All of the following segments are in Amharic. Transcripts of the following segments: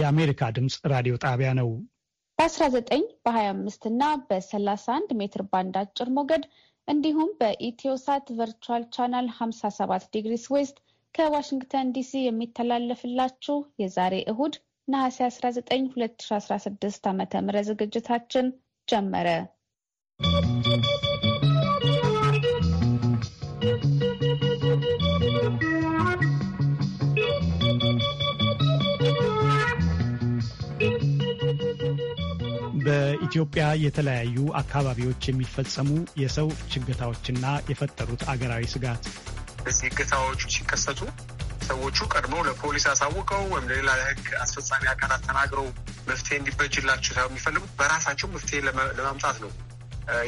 የአሜሪካ ድምፅ ራዲዮ ጣቢያ ነው። በ19 በ25 እና በ31 ሜትር ባንድ አጭር ሞገድ እንዲሁም በኢትዮሳት ቨርቹዋል ቻናል 57 ዲግሪስ ዌስት ከዋሽንግተን ዲሲ የሚተላለፍላችሁ የዛሬ እሁድ ነሐሴ 19 2016 ዓ ም ዝግጅታችን ጀመረ። በኢትዮጵያ የተለያዩ አካባቢዎች የሚፈጸሙ የሰው እገታዎችና የፈጠሩት አገራዊ ስጋት። እዚህ እገታዎቹ ሲከሰቱ ሰዎቹ ቀድሞ ለፖሊስ አሳውቀው ወይም ለሌላ ሕግ አስፈጻሚ አካላት ተናግረው መፍትሄ እንዲበጅላቸው ሳይሆን የሚፈልጉት በራሳቸው መፍትሄ ለማምጣት ነው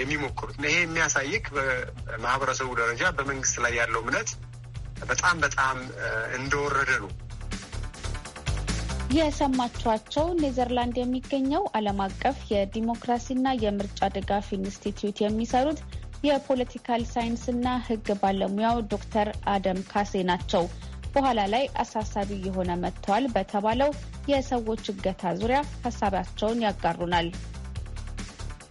የሚሞክሩት። ይሄ የሚያሳይክ በማህበረሰቡ ደረጃ በመንግስት ላይ ያለው እምነት በጣም በጣም እንደወረደ ነው። የሰማችኋቸው ኔዘርላንድ የሚገኘው ዓለም አቀፍ የዲሞክራሲና የምርጫ ድጋፍ ኢንስቲትዩት የሚሰሩት የፖለቲካል ሳይንስና ሕግ ባለሙያው ዶክተር አደም ካሴ ናቸው። በኋላ ላይ አሳሳቢ የሆነ መጥተዋል በተባለው የሰዎች እገታ ዙሪያ ሀሳባቸውን ያጋሩናል።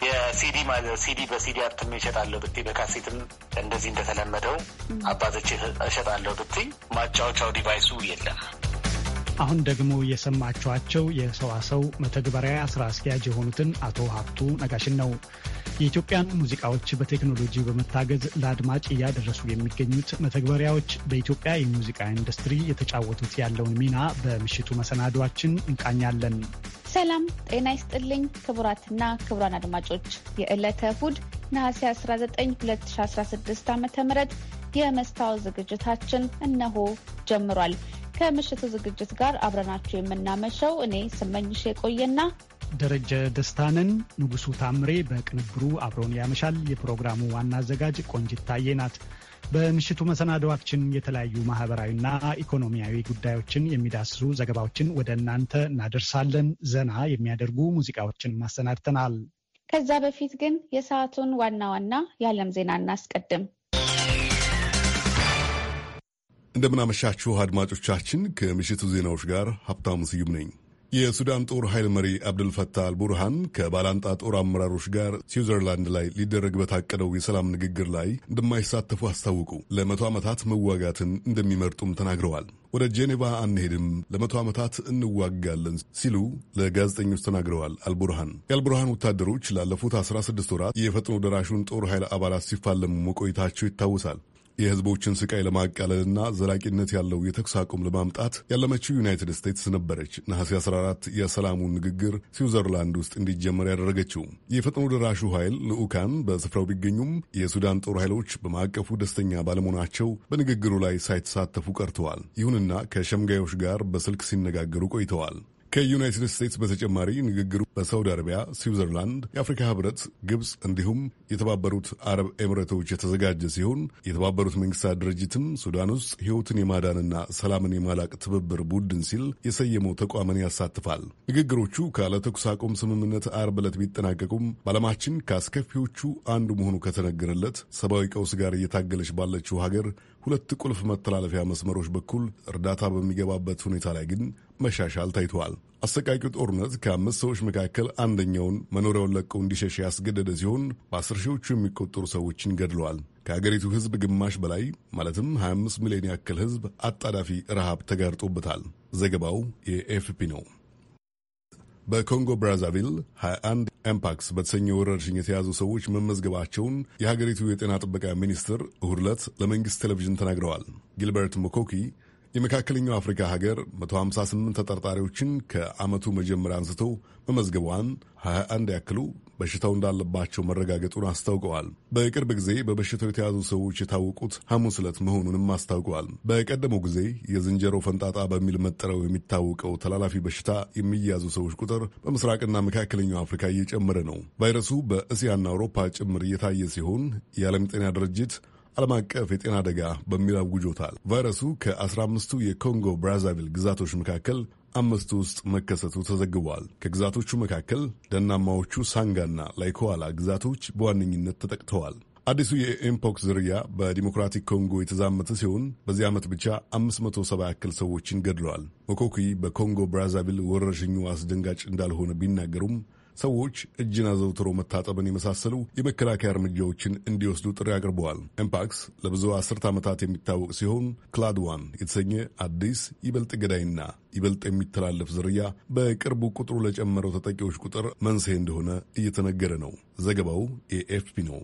የሲዲ ሲዲ በሲዲ አርትም ይሸጣለሁ ብትይ በካሴትም እንደዚህ እንደተለመደው አባዘች እሸጣለሁ ብትይ ማጫወቻው ዲቫይሱ የለም። አሁን ደግሞ የሰማችኋቸው የሰዋሰው መተግበሪያ ስራ አስኪያጅ የሆኑትን አቶ ሀብቱ ነጋሽን ነው። የኢትዮጵያን ሙዚቃዎች በቴክኖሎጂ በመታገዝ ለአድማጭ እያደረሱ የሚገኙት መተግበሪያዎች በኢትዮጵያ የሙዚቃ ኢንዱስትሪ የተጫወቱት ያለውን ሚና በምሽቱ መሰናዷችን እንቃኛለን። ሰላም ጤና ይስጥልኝ ክቡራትና ክቡራን አድማጮች የዕለተ እሁድ ነሐሴ 19 2016 ዓ ም የመስታወት ዝግጅታችን እነሆ ጀምሯል። ከምሽቱ ዝግጅት ጋር አብረናችሁ የምናመሸው እኔ ስመኝሽ የቆየና ደረጀ ደስታንን። ንጉሱ ታምሬ በቅንብሩ አብሮን ያመሻል። የፕሮግራሙ ዋና አዘጋጅ ቆንጅት ታዬ ናት። በምሽቱ መሰናዶዋችን የተለያዩ ማህበራዊና ኢኮኖሚያዊ ጉዳዮችን የሚዳስሱ ዘገባዎችን ወደ እናንተ እናደርሳለን። ዘና የሚያደርጉ ሙዚቃዎችን ማሰናድተናል። ከዛ በፊት ግን የሰዓቱን ዋና ዋና የዓለም ዜና እናስቀድም። እንደምናመሻችሁ አድማጮቻችን፣ ከምሽቱ ዜናዎች ጋር ሀብታሙ ስዩም ነኝ። የሱዳን ጦር ኃይል መሪ አብደልፈታህ አልቡርሃን ከባላንጣ ጦር አመራሮች ጋር ስዊዘርላንድ ላይ ሊደረግ በታቀደው የሰላም ንግግር ላይ እንደማይሳተፉ አስታውቁ ለመቶ ዓመታት መዋጋትን እንደሚመርጡም ተናግረዋል። ወደ ጄኔቫ አንሄድም፣ ለመቶ ዓመታት እንዋጋለን ሲሉ ለጋዜጠኞች ተናግረዋል። አልቡርሃን የአልቡርሃን ወታደሮች ላለፉት 16 ወራት የፈጥኖ ደራሹን ጦር ኃይል አባላት ሲፋለሙ መቆየታቸው ይታወሳል። የህዝቦችን ስቃይ ለማቃለልና ዘላቂነት ያለው የተኩስ አቁም ለማምጣት ያለመችው ዩናይትድ ስቴትስ ነበረች ነሐሴ 14 የሰላሙን ንግግር ስዊዘርላንድ ውስጥ እንዲጀመር ያደረገችው። የፈጥኖ ደራሹ ኃይል ልዑካን በስፍራው ቢገኙም የሱዳን ጦር ኃይሎች በማዕቀፉ ደስተኛ ባለመሆናቸው በንግግሩ ላይ ሳይተሳተፉ ቀርተዋል። ይሁንና ከሸምጋዮች ጋር በስልክ ሲነጋገሩ ቆይተዋል። ከዩናይትድ ስቴትስ በተጨማሪ ንግግሩ በሳውዲ አረቢያ፣ ስዊዘርላንድ፣ የአፍሪካ ህብረት፣ ግብፅ እንዲሁም የተባበሩት አረብ ኤምሬቶች የተዘጋጀ ሲሆን የተባበሩት መንግስታት ድርጅትም ሱዳን ውስጥ ህይወትን የማዳንና ሰላምን የማላቅ ትብብር ቡድን ሲል የሰየመው ተቋምን ያሳትፋል። ንግግሮቹ ካለ ተኩስ አቁም ስምምነት አርብ ዕለት ቢጠናቀቁም በዓለማችን ከአስከፊዎቹ አንዱ መሆኑ ከተነገረለት ሰብአዊ ቀውስ ጋር እየታገለች ባለችው ሀገር ሁለት ቁልፍ መተላለፊያ መስመሮች በኩል እርዳታ በሚገባበት ሁኔታ ላይ ግን መሻሻል ታይተዋል። አሰቃቂው ጦርነት ከአምስት ሰዎች መካከል አንደኛውን መኖሪያውን ለቀው እንዲሸሽ ያስገደደ ሲሆን በአስር ሺዎቹ የሚቆጠሩ ሰዎችን ገድለዋል። ከሀገሪቱ ሕዝብ ግማሽ በላይ ማለትም 25 ሚሊዮን ያክል ሕዝብ አጣዳፊ ረሃብ ተጋርጦበታል። ዘገባው የኤፍፒ ነው። በኮንጎ ብራዛቪል 21 ኤምፓክስ በተሰኘ ወረርሽኝ የተያዙ ሰዎች መመዝገባቸውን የሀገሪቱ የጤና ጥበቃ ሚኒስትር እሁድ ዕለት ለመንግሥት ቴሌቪዥን ተናግረዋል። ጊልበርት ሞኮኪ የመካከለኛው አፍሪካ ሀገር 158 ተጠርጣሪዎችን ከዓመቱ መጀመሪያ አንስቶ መመዝገቧን 21 ያክሉ በሽታው እንዳለባቸው መረጋገጡን አስታውቀዋል። በቅርብ ጊዜ በበሽታው የተያዙ ሰዎች የታወቁት ሐሙስ ዕለት መሆኑንም አስታውቀዋል። በቀደመው ጊዜ የዝንጀሮ ፈንጣጣ በሚል መጠረው የሚታወቀው ተላላፊ በሽታ የሚያዙ ሰዎች ቁጥር በምስራቅና መካከለኛው አፍሪካ እየጨመረ ነው። ቫይረሱ በእስያና አውሮፓ ጭምር እየታየ ሲሆን የዓለም ጤና ድርጅት ዓለም አቀፍ የጤና አደጋ በሚል አውጆታል። ቫይረሱ ከ15ቱ የኮንጎ ብራዛቪል ግዛቶች መካከል አምስቱ ውስጥ መከሰቱ ተዘግቧል። ከግዛቶቹ መካከል ደናማዎቹ ሳንጋና ላይኮዋላ ግዛቶች በዋነኝነት ተጠቅተዋል። አዲሱ የኤምፖክስ ዝርያ በዲሞክራቲክ ኮንጎ የተዛመተ ሲሆን በዚህ ዓመት ብቻ 570 ያክል ሰዎችን ገድለዋል። ሞኮኪ በኮንጎ ብራዛቪል ወረርሽኙ አስደንጋጭ እንዳልሆነ ቢናገሩም ሰዎች እጅን አዘውትሮ መታጠብን የመሳሰሉ የመከላከያ እርምጃዎችን እንዲወስዱ ጥሪ አቅርበዋል። ኤምፓክስ ለብዙ አስርት ዓመታት የሚታወቅ ሲሆን ክላድዋን የተሰኘ አዲስ ይበልጥ ገዳይና ይበልጥ የሚተላለፍ ዝርያ በቅርቡ ቁጥሩ ለጨመረው ተጠቂዎች ቁጥር መንስኤ እንደሆነ እየተነገረ ነው። ዘገባው የኤፍፒ ነው።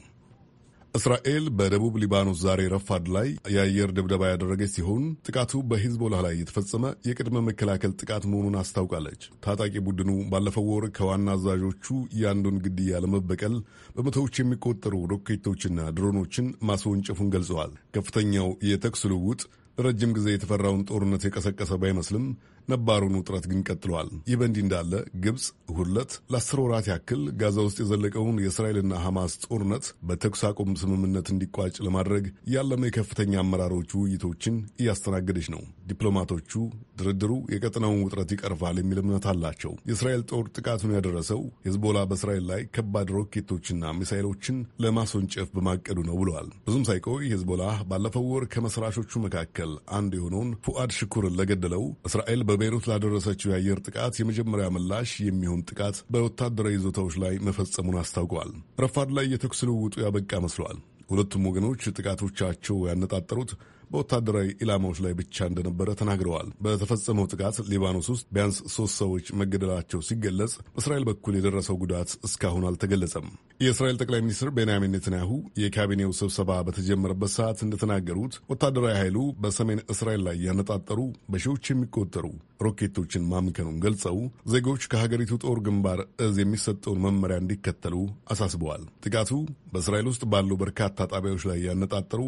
እስራኤል በደቡብ ሊባኖስ ዛሬ ረፋድ ላይ የአየር ድብደባ ያደረገች ሲሆን ጥቃቱ በሂዝቦላ ላይ የተፈጸመ የቅድመ መከላከል ጥቃት መሆኑን አስታውቃለች። ታጣቂ ቡድኑ ባለፈው ወር ከዋና አዛዦቹ የአንዱን ግድያ ለመበቀል በመቶዎች የሚቆጠሩ ሮኬቶችና ድሮኖችን ማስወንጨፉን ገልጸዋል። ከፍተኛው የተኩስ ልውውጥ ረጅም ጊዜ የተፈራውን ጦርነት የቀሰቀሰ ባይመስልም ነባሩን ውጥረት ግን ቀጥሏል። ይህ በእንዲህ እንዳለ ግብፅ እሁድ ዕለት ለአስር ወራት ያክል ጋዛ ውስጥ የዘለቀውን የእስራኤልና ሐማስ ጦርነት በተኩስ አቁም ስምምነት እንዲቋጭ ለማድረግ ያለመ የከፍተኛ አመራሮች ውይይቶችን እያስተናገደች ነው። ዲፕሎማቶቹ ድርድሩ የቀጠናውን ውጥረት ይቀርፋል የሚል እምነት አላቸው። የእስራኤል ጦር ጥቃቱን ያደረሰው ሄዝቦላ በእስራኤል ላይ ከባድ ሮኬቶችና ሚሳይሎችን ለማስወንጨፍ በማቀዱ ነው ብለዋል። ብዙም ሳይቆይ ሄዝቦላ ባለፈው ወር ከመስራቾቹ መካከል አንድ የሆነውን ፉአድ ሽኩርን ለገደለው እስራኤል በ በቤሩት ላደረሰችው የአየር ጥቃት የመጀመሪያ ምላሽ የሚሆን ጥቃት በወታደራዊ ይዞታዎች ላይ መፈጸሙን አስታውቀዋል። ረፋድ ላይ የተኩስ ልውውጡ ያበቃ መስለዋል። ሁለቱም ወገኖች ጥቃቶቻቸው ያነጣጠሩት በወታደራዊ ኢላማዎች ላይ ብቻ እንደነበረ ተናግረዋል። በተፈጸመው ጥቃት ሊባኖስ ውስጥ ቢያንስ ሶስት ሰዎች መገደላቸው ሲገለጽ፣ በእስራኤል በኩል የደረሰው ጉዳት እስካሁን አልተገለጸም። የእስራኤል ጠቅላይ ሚኒስትር ቤንያሚን ኔትንያሁ የካቢኔው ስብሰባ በተጀመረበት ሰዓት እንደተናገሩት ወታደራዊ ኃይሉ በሰሜን እስራኤል ላይ ያነጣጠሩ በሺዎች የሚቆጠሩ ሮኬቶችን ማምከኑን ገልጸው ዜጎች ከሀገሪቱ ጦር ግንባር እዝ የሚሰጠውን መመሪያ እንዲከተሉ አሳስበዋል። ጥቃቱ በእስራኤል ውስጥ ባሉ በርካታ ጣቢያዎች ላይ ያነጣጠሩ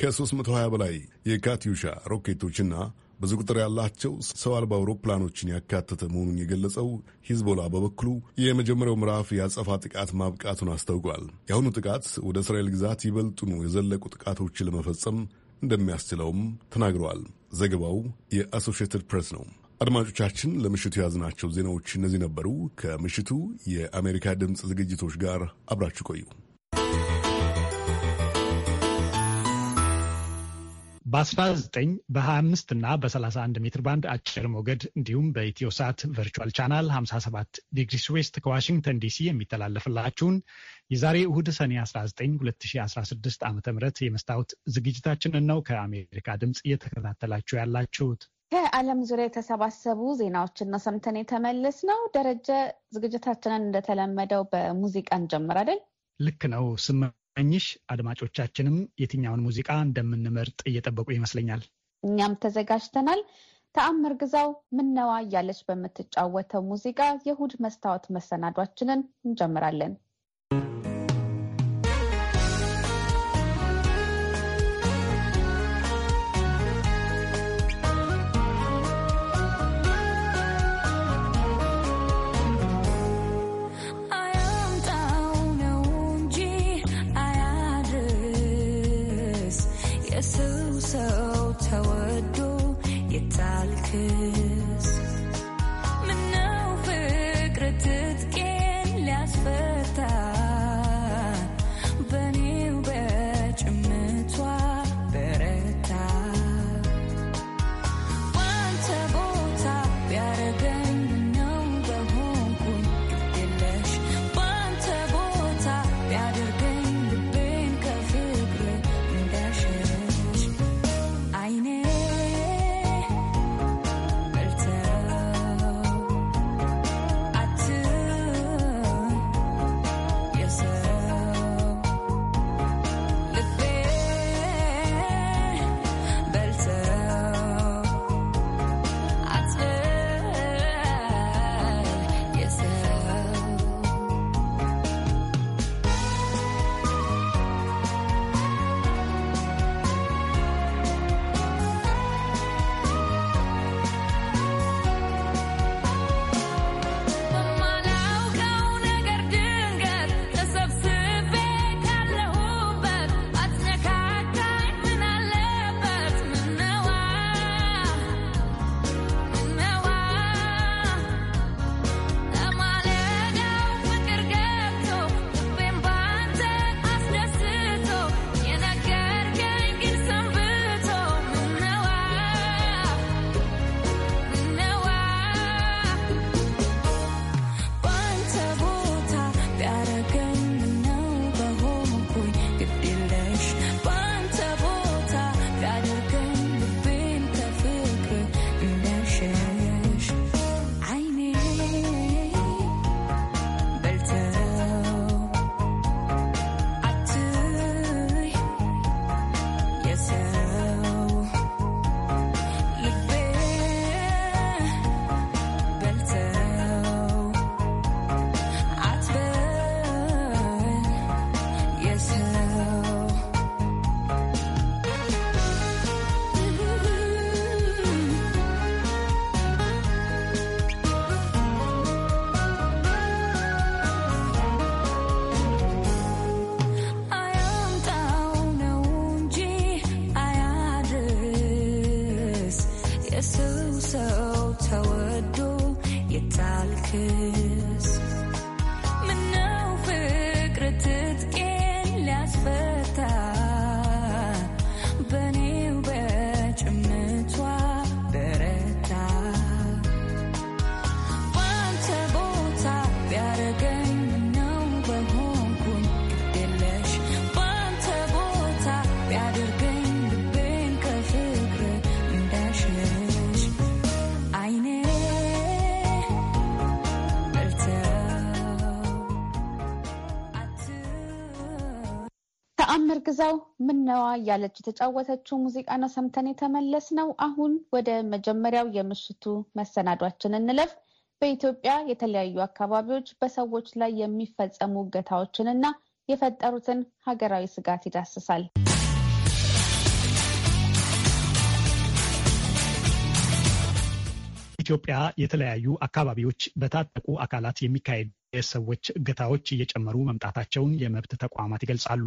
ከ320 በላይ የካትዩሻ ሮኬቶችና ብዙ ቁጥር ያላቸው ሰው አልባ አውሮፕላኖችን ያካተተ መሆኑን የገለጸው ሂዝቦላ በበኩሉ የመጀመሪያው ምዕራፍ የአጸፋ ጥቃት ማብቃቱን አስታውቋል። የአሁኑ ጥቃት ወደ እስራኤል ግዛት ይበልጡኑ የዘለቁ ጥቃቶችን ለመፈጸም እንደሚያስችለውም ተናግረዋል። ዘገባው የአሶሽትድ ፕሬስ ነው። አድማጮቻችን፣ ለምሽቱ የያዝናቸው ዜናዎች እነዚህ ነበሩ። ከምሽቱ የአሜሪካ ድምፅ ዝግጅቶች ጋር አብራችሁ ቆዩ። በ19 በ25 እና በ31 ሜትር ባንድ አጭር ሞገድ እንዲሁም በኢትዮ ሰዓት ቨርቹዋል ቻናል 57 ዲግሪስ ዌስት ከዋሽንግተን ዲሲ የሚተላለፍላችሁን የዛሬ እሁድ ሰኔ 19 2016 ዓ ም የመስታወት ዝግጅታችንን ነው ከአሜሪካ ድምፅ እየተከታተላችሁ ያላችሁት። ከዓለም ዙሪያ የተሰባሰቡ ዜናዎችን ነው ሰምተን የተመለስ ነው። ደረጀ፣ ዝግጅታችንን እንደተለመደው በሙዚቃ እንጀምር አይደል? ልክ ነው ስም ቀኝሽ አድማጮቻችንም የትኛውን ሙዚቃ እንደምንመርጥ እየጠበቁ ይመስለኛል። እኛም ተዘጋጅተናል። ተአምር ግዛው ምነዋ እያለች በምትጫወተው ሙዚቃ የእሁድ መስታወት መሰናዷችንን እንጀምራለን። ቻልክ could. በዛው ምነዋ እያለች የተጫወተችው ሙዚቃ ነው ሰምተን የተመለስ ነው። አሁን ወደ መጀመሪያው የምሽቱ መሰናዷችን እንለፍ። በኢትዮጵያ የተለያዩ አካባቢዎች በሰዎች ላይ የሚፈጸሙ እገታዎችንና የፈጠሩትን ሀገራዊ ስጋት ይዳስሳል። ኢትዮጵያ የተለያዩ አካባቢዎች በታጠቁ አካላት የሚካሄዱ የሰዎች እገታዎች እየጨመሩ መምጣታቸውን የመብት ተቋማት ይገልጻሉ።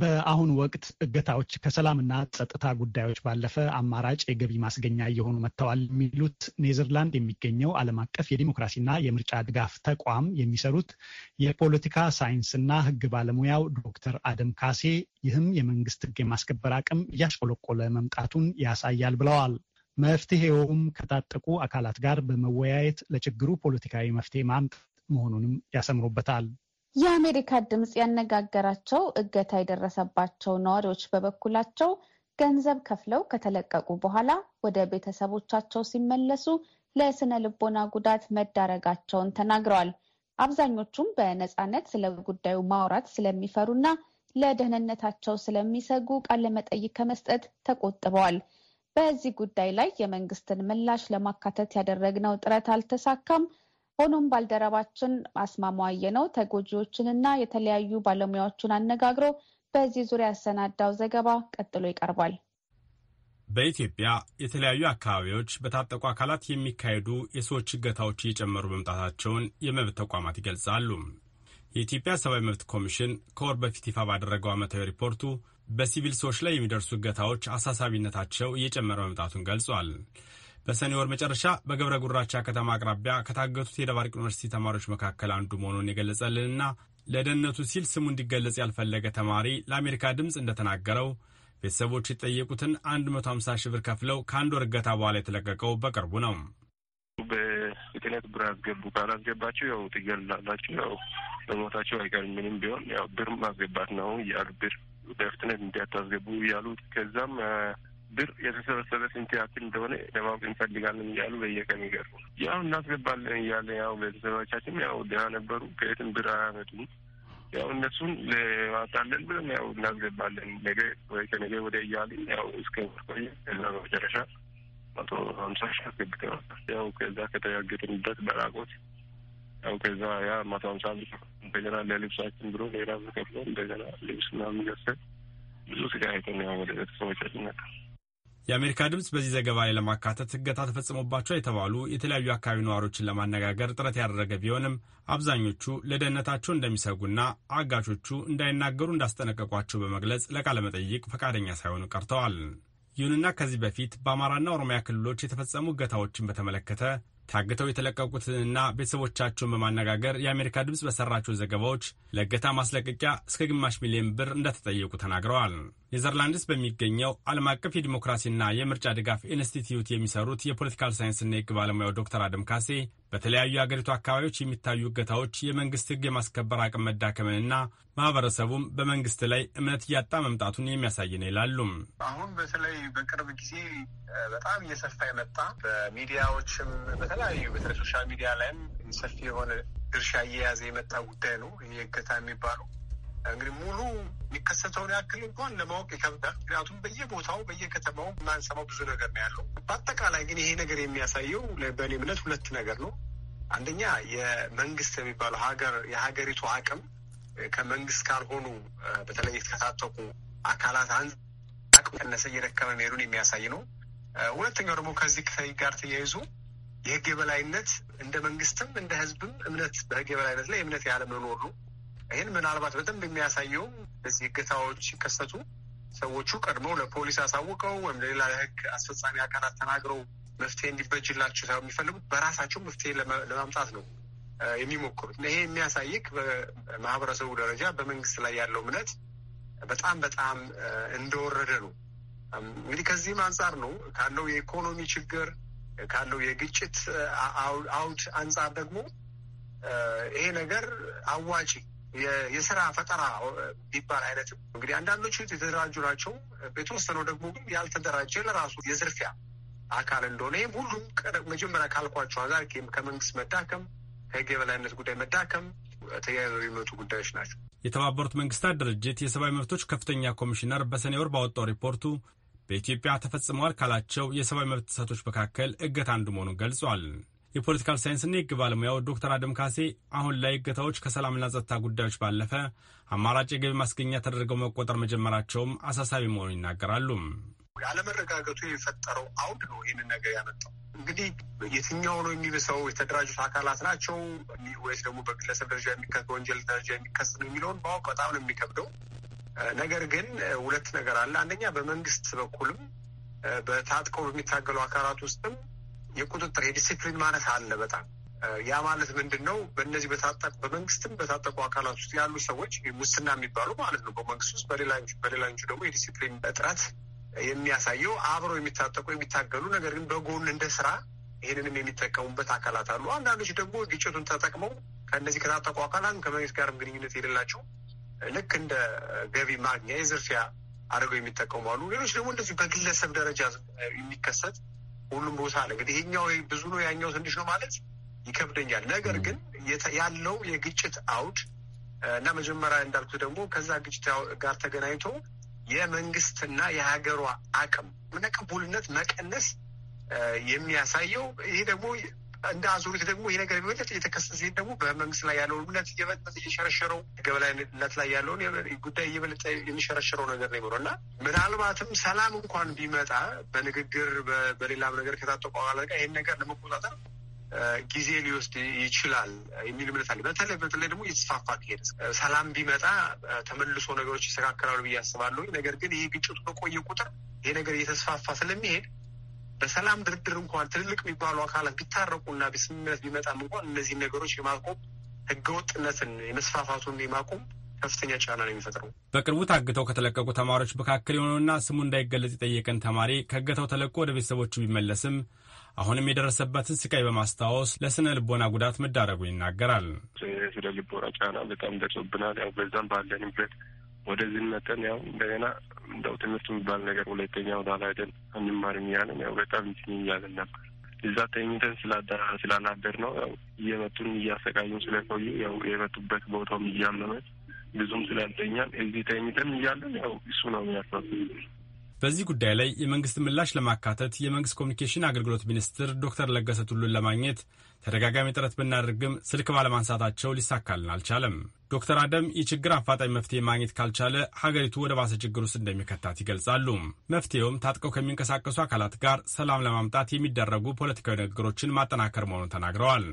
በአሁኑ ወቅት እገታዎች ከሰላምና ጸጥታ ጉዳዮች ባለፈ አማራጭ የገቢ ማስገኛ እየሆኑ መጥተዋል የሚሉት ኔዘርላንድ የሚገኘው ዓለም አቀፍ የዲሞክራሲና የምርጫ ድጋፍ ተቋም የሚሰሩት የፖለቲካ ሳይንስና ሕግ ባለሙያው ዶክተር አደም ካሴ ይህም የመንግስት ሕግ የማስከበር አቅም እያሽቆለቆለ መምጣቱን ያሳያል ብለዋል። መፍትሄውም ከታጠቁ አካላት ጋር በመወያየት ለችግሩ ፖለቲካዊ መፍትሄ ማምጣት መሆኑንም ያሰምሩበታል። የአሜሪካ ድምፅ ያነጋገራቸው እገታ የደረሰባቸው ነዋሪዎች በበኩላቸው ገንዘብ ከፍለው ከተለቀቁ በኋላ ወደ ቤተሰቦቻቸው ሲመለሱ ለስነ ልቦና ጉዳት መዳረጋቸውን ተናግረዋል። አብዛኞቹም በነፃነት ስለ ጉዳዩ ማውራት ስለሚፈሩና ለደህንነታቸው ስለሚሰጉ መጠይቅ ከመስጠት ተቆጥበዋል። በዚህ ጉዳይ ላይ የመንግስትን ምላሽ ለማካተት ያደረግነው ጥረት አልተሳካም። ሆኖም ባልደረባችን አስማማ ነው ተጎጂዎችንና የተለያዩ ባለሙያዎችን አነጋግሮ በዚህ ዙሪያ ያሰናዳው ዘገባ ቀጥሎ ይቀርባል። በኢትዮጵያ የተለያዩ አካባቢዎች በታጠቁ አካላት የሚካሄዱ የሰዎች እገታዎች እየጨመሩ መምጣታቸውን የመብት ተቋማት ይገልጻሉ። የኢትዮጵያ ሰብአዊ መብት ኮሚሽን ከወር በፊት ይፋ ባደረገው ዓመታዊ ሪፖርቱ በሲቪል ሰዎች ላይ የሚደርሱ እገታዎች አሳሳቢነታቸው እየጨመረ መምጣቱን ገልጿል። በሰኔ ወር መጨረሻ በገብረ ጉራቻ ከተማ አቅራቢያ ከታገቱት የደባርቅ ዩኒቨርሲቲ ተማሪዎች መካከል አንዱ መሆኑን የገለጸልንና ለደህንነቱ ሲል ስሙ እንዲገለጽ ያልፈለገ ተማሪ ለአሜሪካ ድምፅ እንደተናገረው ቤተሰቦች የጠየቁትን 150 ሺህ ብር ከፍለው ከአንድ ወር እገታ በኋላ የተለቀቀው በቅርቡ ነው። በምክንያት ብር አስገቡ፣ ካላስገባችሁ ያው ትገላላችሁ፣ ያው በሞታችሁ አይቀርም። ምንም ቢሆን ያው ብር ማስገባት ነው እያሉ ብር በፍጥነት እንዲያታስገቡ እያሉ ከዛም ብር የተሰበሰበ ስንት ያክል እንደሆነ ለማወቅ እንፈልጋለን እያሉ በየቀን ይገሩ ያው እናስገባለን እያለ ያው ቤተሰቦቻችን ያው ድሀ ነበሩ። ከየትም ብር አያመጡም። ያው እነሱን ለማታለል ብለን ያው እናስገባለን ነገ ወይ ከነገ ወደ እያልን ያው እስከ ቆየ ከዛ በመጨረሻ መቶ ሀምሳ ሺ አስገብተናል። ያው ከዛ ከተያገጥንበት በራቆት ያው ከዛ ያ መቶ ሀምሳ ብር እንደገና ለልብሳችን ብሎ ሌላ ብር ከፍሎ እንደገና ልብስ ምናምን ገዝተን ብዙ ስጋ አይተን ያው ወደ ቤተሰቦቻችን ነበር። የአሜሪካ ድምፅ በዚህ ዘገባ ላይ ለማካተት እገታ ተፈጽሞባቸው የተባሉ የተለያዩ አካባቢ ነዋሪዎችን ለማነጋገር ጥረት ያደረገ ቢሆንም አብዛኞቹ ለደህንነታቸው እንደሚሰጉና አጋቾቹ እንዳይናገሩ እንዳስጠነቀቋቸው በመግለጽ ለቃለመጠይቅ ፈቃደኛ ሳይሆኑ ቀርተዋል። ይሁንና ከዚህ በፊት በአማራና ኦሮሚያ ክልሎች የተፈጸሙ እገታዎችን በተመለከተ ታግተው የተለቀቁትንና ቤተሰቦቻቸውን በማነጋገር የአሜሪካ ድምፅ በሰራቸው ዘገባዎች ለእገታ ማስለቀቂያ እስከ ግማሽ ሚሊዮን ብር እንደተጠየቁ ተናግረዋል። ኔዘርላንድስ በሚገኘው ዓለም አቀፍ የዲሞክራሲና የምርጫ ድጋፍ ኢንስቲትዩት የሚሰሩት የፖለቲካል ሳይንስና የሕግ ባለሙያው ዶክተር አደም ካሴ በተለያዩ የአገሪቱ አካባቢዎች የሚታዩ እገታዎች የመንግስት ህግ የማስከበር አቅም መዳከምንና ማህበረሰቡም በመንግስት ላይ እምነት እያጣ መምጣቱን የሚያሳይ ነው ይላሉም። አሁን በተለይ በቅርብ ጊዜ በጣም እየሰፋ የመጣ በሚዲያዎችም በተለያዩ በተለይ ሶሻል ሚዲያ ላይም ሰፊ የሆነ ድርሻ እየያዘ የመጣ ጉዳይ ነው። ይህ እገታ የሚባለው እንግዲህ ሙሉ የሚከሰተውን ያክል እንኳን ለማወቅ ይከብዳል። ምክንያቱም በየቦታው በየከተማው የማንሰማው ብዙ ነገር ነው ያለው። በአጠቃላይ ግን ይሄ ነገር የሚያሳየው በእኔ እምነት ሁለት ነገር ነው። አንደኛ የመንግስት የሚባለው ሀገር የሀገሪቱ አቅም ከመንግስት ካልሆኑ በተለይ የተከታተቁ አካላት አን አቅም ቀነሰ እየደከመ መሄዱን የሚያሳይ ነው። ሁለተኛው ደግሞ ከዚህ ጋር ተያይዞ የህግ የበላይነት እንደ መንግስትም እንደ ህዝብም እምነት በህግ የበላይነት ላይ እምነት ያለመኖር ነው። ይህን ምናልባት በደንብ የሚያሳየው እነዚህ እገታዎች ሲከሰቱ ሰዎቹ ቀድመው ለፖሊስ አሳውቀው ወይም ለሌላ ለህግ አስፈጻሚ አካላት ተናግረው መፍትሄ እንዲበጅላቸው ሳይሆን የሚፈልጉት በራሳቸው መፍትሄ ለማምጣት ነው የሚሞክሩት። ይሄ የሚያሳይክ በማህበረሰቡ ደረጃ በመንግስት ላይ ያለው እምነት በጣም በጣም እንደወረደ ነው። እንግዲህ ከዚህም አንጻር ነው ካለው የኢኮኖሚ ችግር ካለው የግጭት አውድ አንጻር ደግሞ ይሄ ነገር አዋጪ የስራ ፈጠራ ቢባል አይነትም እንግዲህ አንዳንዶቹ የተደራጁ ናቸው። በተወሰነው ደግሞ ግን ያልተደራጀ ለራሱ የዝርፊያ አካል እንደሆነ ይህም ሁሉም መጀመሪያ ካልኳቸው ጋር ከመንግስት መዳከም፣ ከህግ የበላይነት ጉዳይ መዳከም ተያይዘው የሚመጡ ጉዳዮች ናቸው። የተባበሩት መንግስታት ድርጅት የሰብአዊ መብቶች ከፍተኛ ኮሚሽነር በሰኔ ወር ባወጣው ሪፖርቱ በኢትዮጵያ ተፈጽመዋል ካላቸው የሰብአዊ መብት ጥሰቶች መካከል እገት አንዱ መሆኑን ገልጿል። የፖለቲካል ሳይንስና የሕግ ባለሙያው ዶክተር አደም ካሴ አሁን ላይ እገታዎች ከሰላምና ጸጥታ ጉዳዮች ባለፈ አማራጭ የገቢ ማስገኛ ተደርገው መቆጠር መጀመራቸውም አሳሳቢ መሆኑን ይናገራሉ። አለመረጋገቱ የፈጠረው አውድ ነው ይህንን ነገር ያመጣው። እንግዲህ የትኛው ነው የሚብሰው? የተደራጁት አካላት ናቸው ወይስ ደግሞ በግለሰብ ደረጃ የሚከሰው ወንጀል ደረጃ የሚከስ ነው የሚለውን በአሁን በጣም ነው የሚከብደው። ነገር ግን ሁለት ነገር አለ። አንደኛ በመንግስት በኩልም በታጥቀው በሚታገሉ አካላት ውስጥም የቁጥጥር የዲስፕሊን ማለት አለ በጣም ያ ማለት ምንድን ነው? በእነዚህ በታጠቁ በመንግስትም በታጠቁ አካላት ውስጥ ያሉ ሰዎች ሙስና የሚባሉ ማለት ነው በመንግስት ውስጥ በሌላኞቹ ደግሞ የዲስፕሊን እጥረት የሚያሳየው አብረው የሚታጠቁ የሚታገሉ ነገር ግን በጎን እንደ ስራ ይህንንም የሚጠቀሙበት አካላት አሉ። አንዳንዶች ደግሞ ግጭቱን ተጠቅመው ከእነዚህ ከታጠቁ አካላት ከመንግስት ጋርም ግንኙነት የሌላቸው ልክ እንደ ገቢ ማግኛ የዝርፊያ አድርገው የሚጠቀሙ አሉ። ሌሎች ደግሞ እንደዚሁ በግለሰብ ደረጃ የሚከሰት ሁሉም ሩሳ አለ። እንግዲህ ይህኛው ብዙ ነው ያኛው ትንሽ ነው ማለት ይከብደኛል። ነገር ግን ያለው የግጭት አውድ እና መጀመሪያ እንዳልኩ ደግሞ ከዛ ግጭት ጋር ተገናኝቶ የመንግስትና የሀገሯ አቅም እና ቅቡልነት መቀነስ የሚያሳየው ይሄ ደግሞ እንደ አዙሪት ደግሞ ይህ ነገር የሚመጨት እየተከሰተ ሲሄድ ደግሞ በመንግስት ላይ ያለውን እምነት እየበለጠ እየሸረሸረው ገበላይነት ላይ ያለውን ጉዳይ እየበለጠ የሚሸረሸረው ነገር ነው ይኖረ እና ምናልባትም ሰላም እንኳን ቢመጣ በንግግር በሌላም ነገር ከታጠቋ አለቃ ይህን ነገር ለመቆጣጠር ጊዜ ሊወስድ ይችላል የሚል እምነት አለ። በተለይ በተለይ ደግሞ የተስፋፋ ከሄደ ሰላም ቢመጣ ተመልሶ ነገሮች ይስተካከላሉ ብዬ አስባለሁ። ነገር ግን ይህ ግጭቱ በቆየ ቁጥር ይሄ ነገር እየተስፋፋ ስለሚሄድ በሰላም ድርድር እንኳን ትልልቅ የሚባሉ አካላት ቢታረቁና ስምምነት ቢመጣም እንኳን እነዚህ ነገሮች የማቆም ህገወጥነትን የመስፋፋቱን የማቆም ከፍተኛ ጫና ነው የሚፈጥረው። በቅርቡ ታግተው ከተለቀቁ ተማሪዎች መካከል የሆነውና ስሙ እንዳይገለጽ የጠየቀን ተማሪ ከእገታው ተለቆ ወደ ቤተሰቦቹ ቢመለስም አሁንም የደረሰበትን ስቃይ በማስታወስ ለስነ ልቦና ጉዳት መዳረጉ ይናገራል። ስነ ልቦና ጫና በጣም ደርሶብናል። ያው በዛም ባለንበት ወደዚህ መጠን ያው እንደገና እንደው ትምህርት የሚባል ነገር ሁለተኛ ወደኋላ ሄደን አንማርም እያለን ያው በጣም እንትን እያለን ነበር። እዛ ተኝተን ስላላደር ነው ያው እየመጡን እያሰቃዩን ስለቆዩ ያው የመጡበት ቦታውም እያመመን ብዙም ስላልተኛል እዚህ ተኝተን እያለን ያው እሱ ነው የሚያሳስብ በዚህ ጉዳይ ላይ የመንግስት ምላሽ ለማካተት የመንግስት ኮሚኒኬሽን አገልግሎት ሚኒስትር ዶክተር ለገሰ ቱሉን ለማግኘት ተደጋጋሚ ጥረት ብናደርግም ስልክ ባለማንሳታቸው ሊሳካልን አልቻለም። ዶክተር አደም የችግር አፋጣኝ መፍትሄ ማግኘት ካልቻለ ሀገሪቱ ወደ ባሰ ችግር ውስጥ እንደሚከታት ይገልጻሉ። መፍትሄውም ታጥቀው ከሚንቀሳቀሱ አካላት ጋር ሰላም ለማምጣት የሚደረጉ ፖለቲካዊ ንግግሮችን ማጠናከር መሆኑን ተናግረዋል።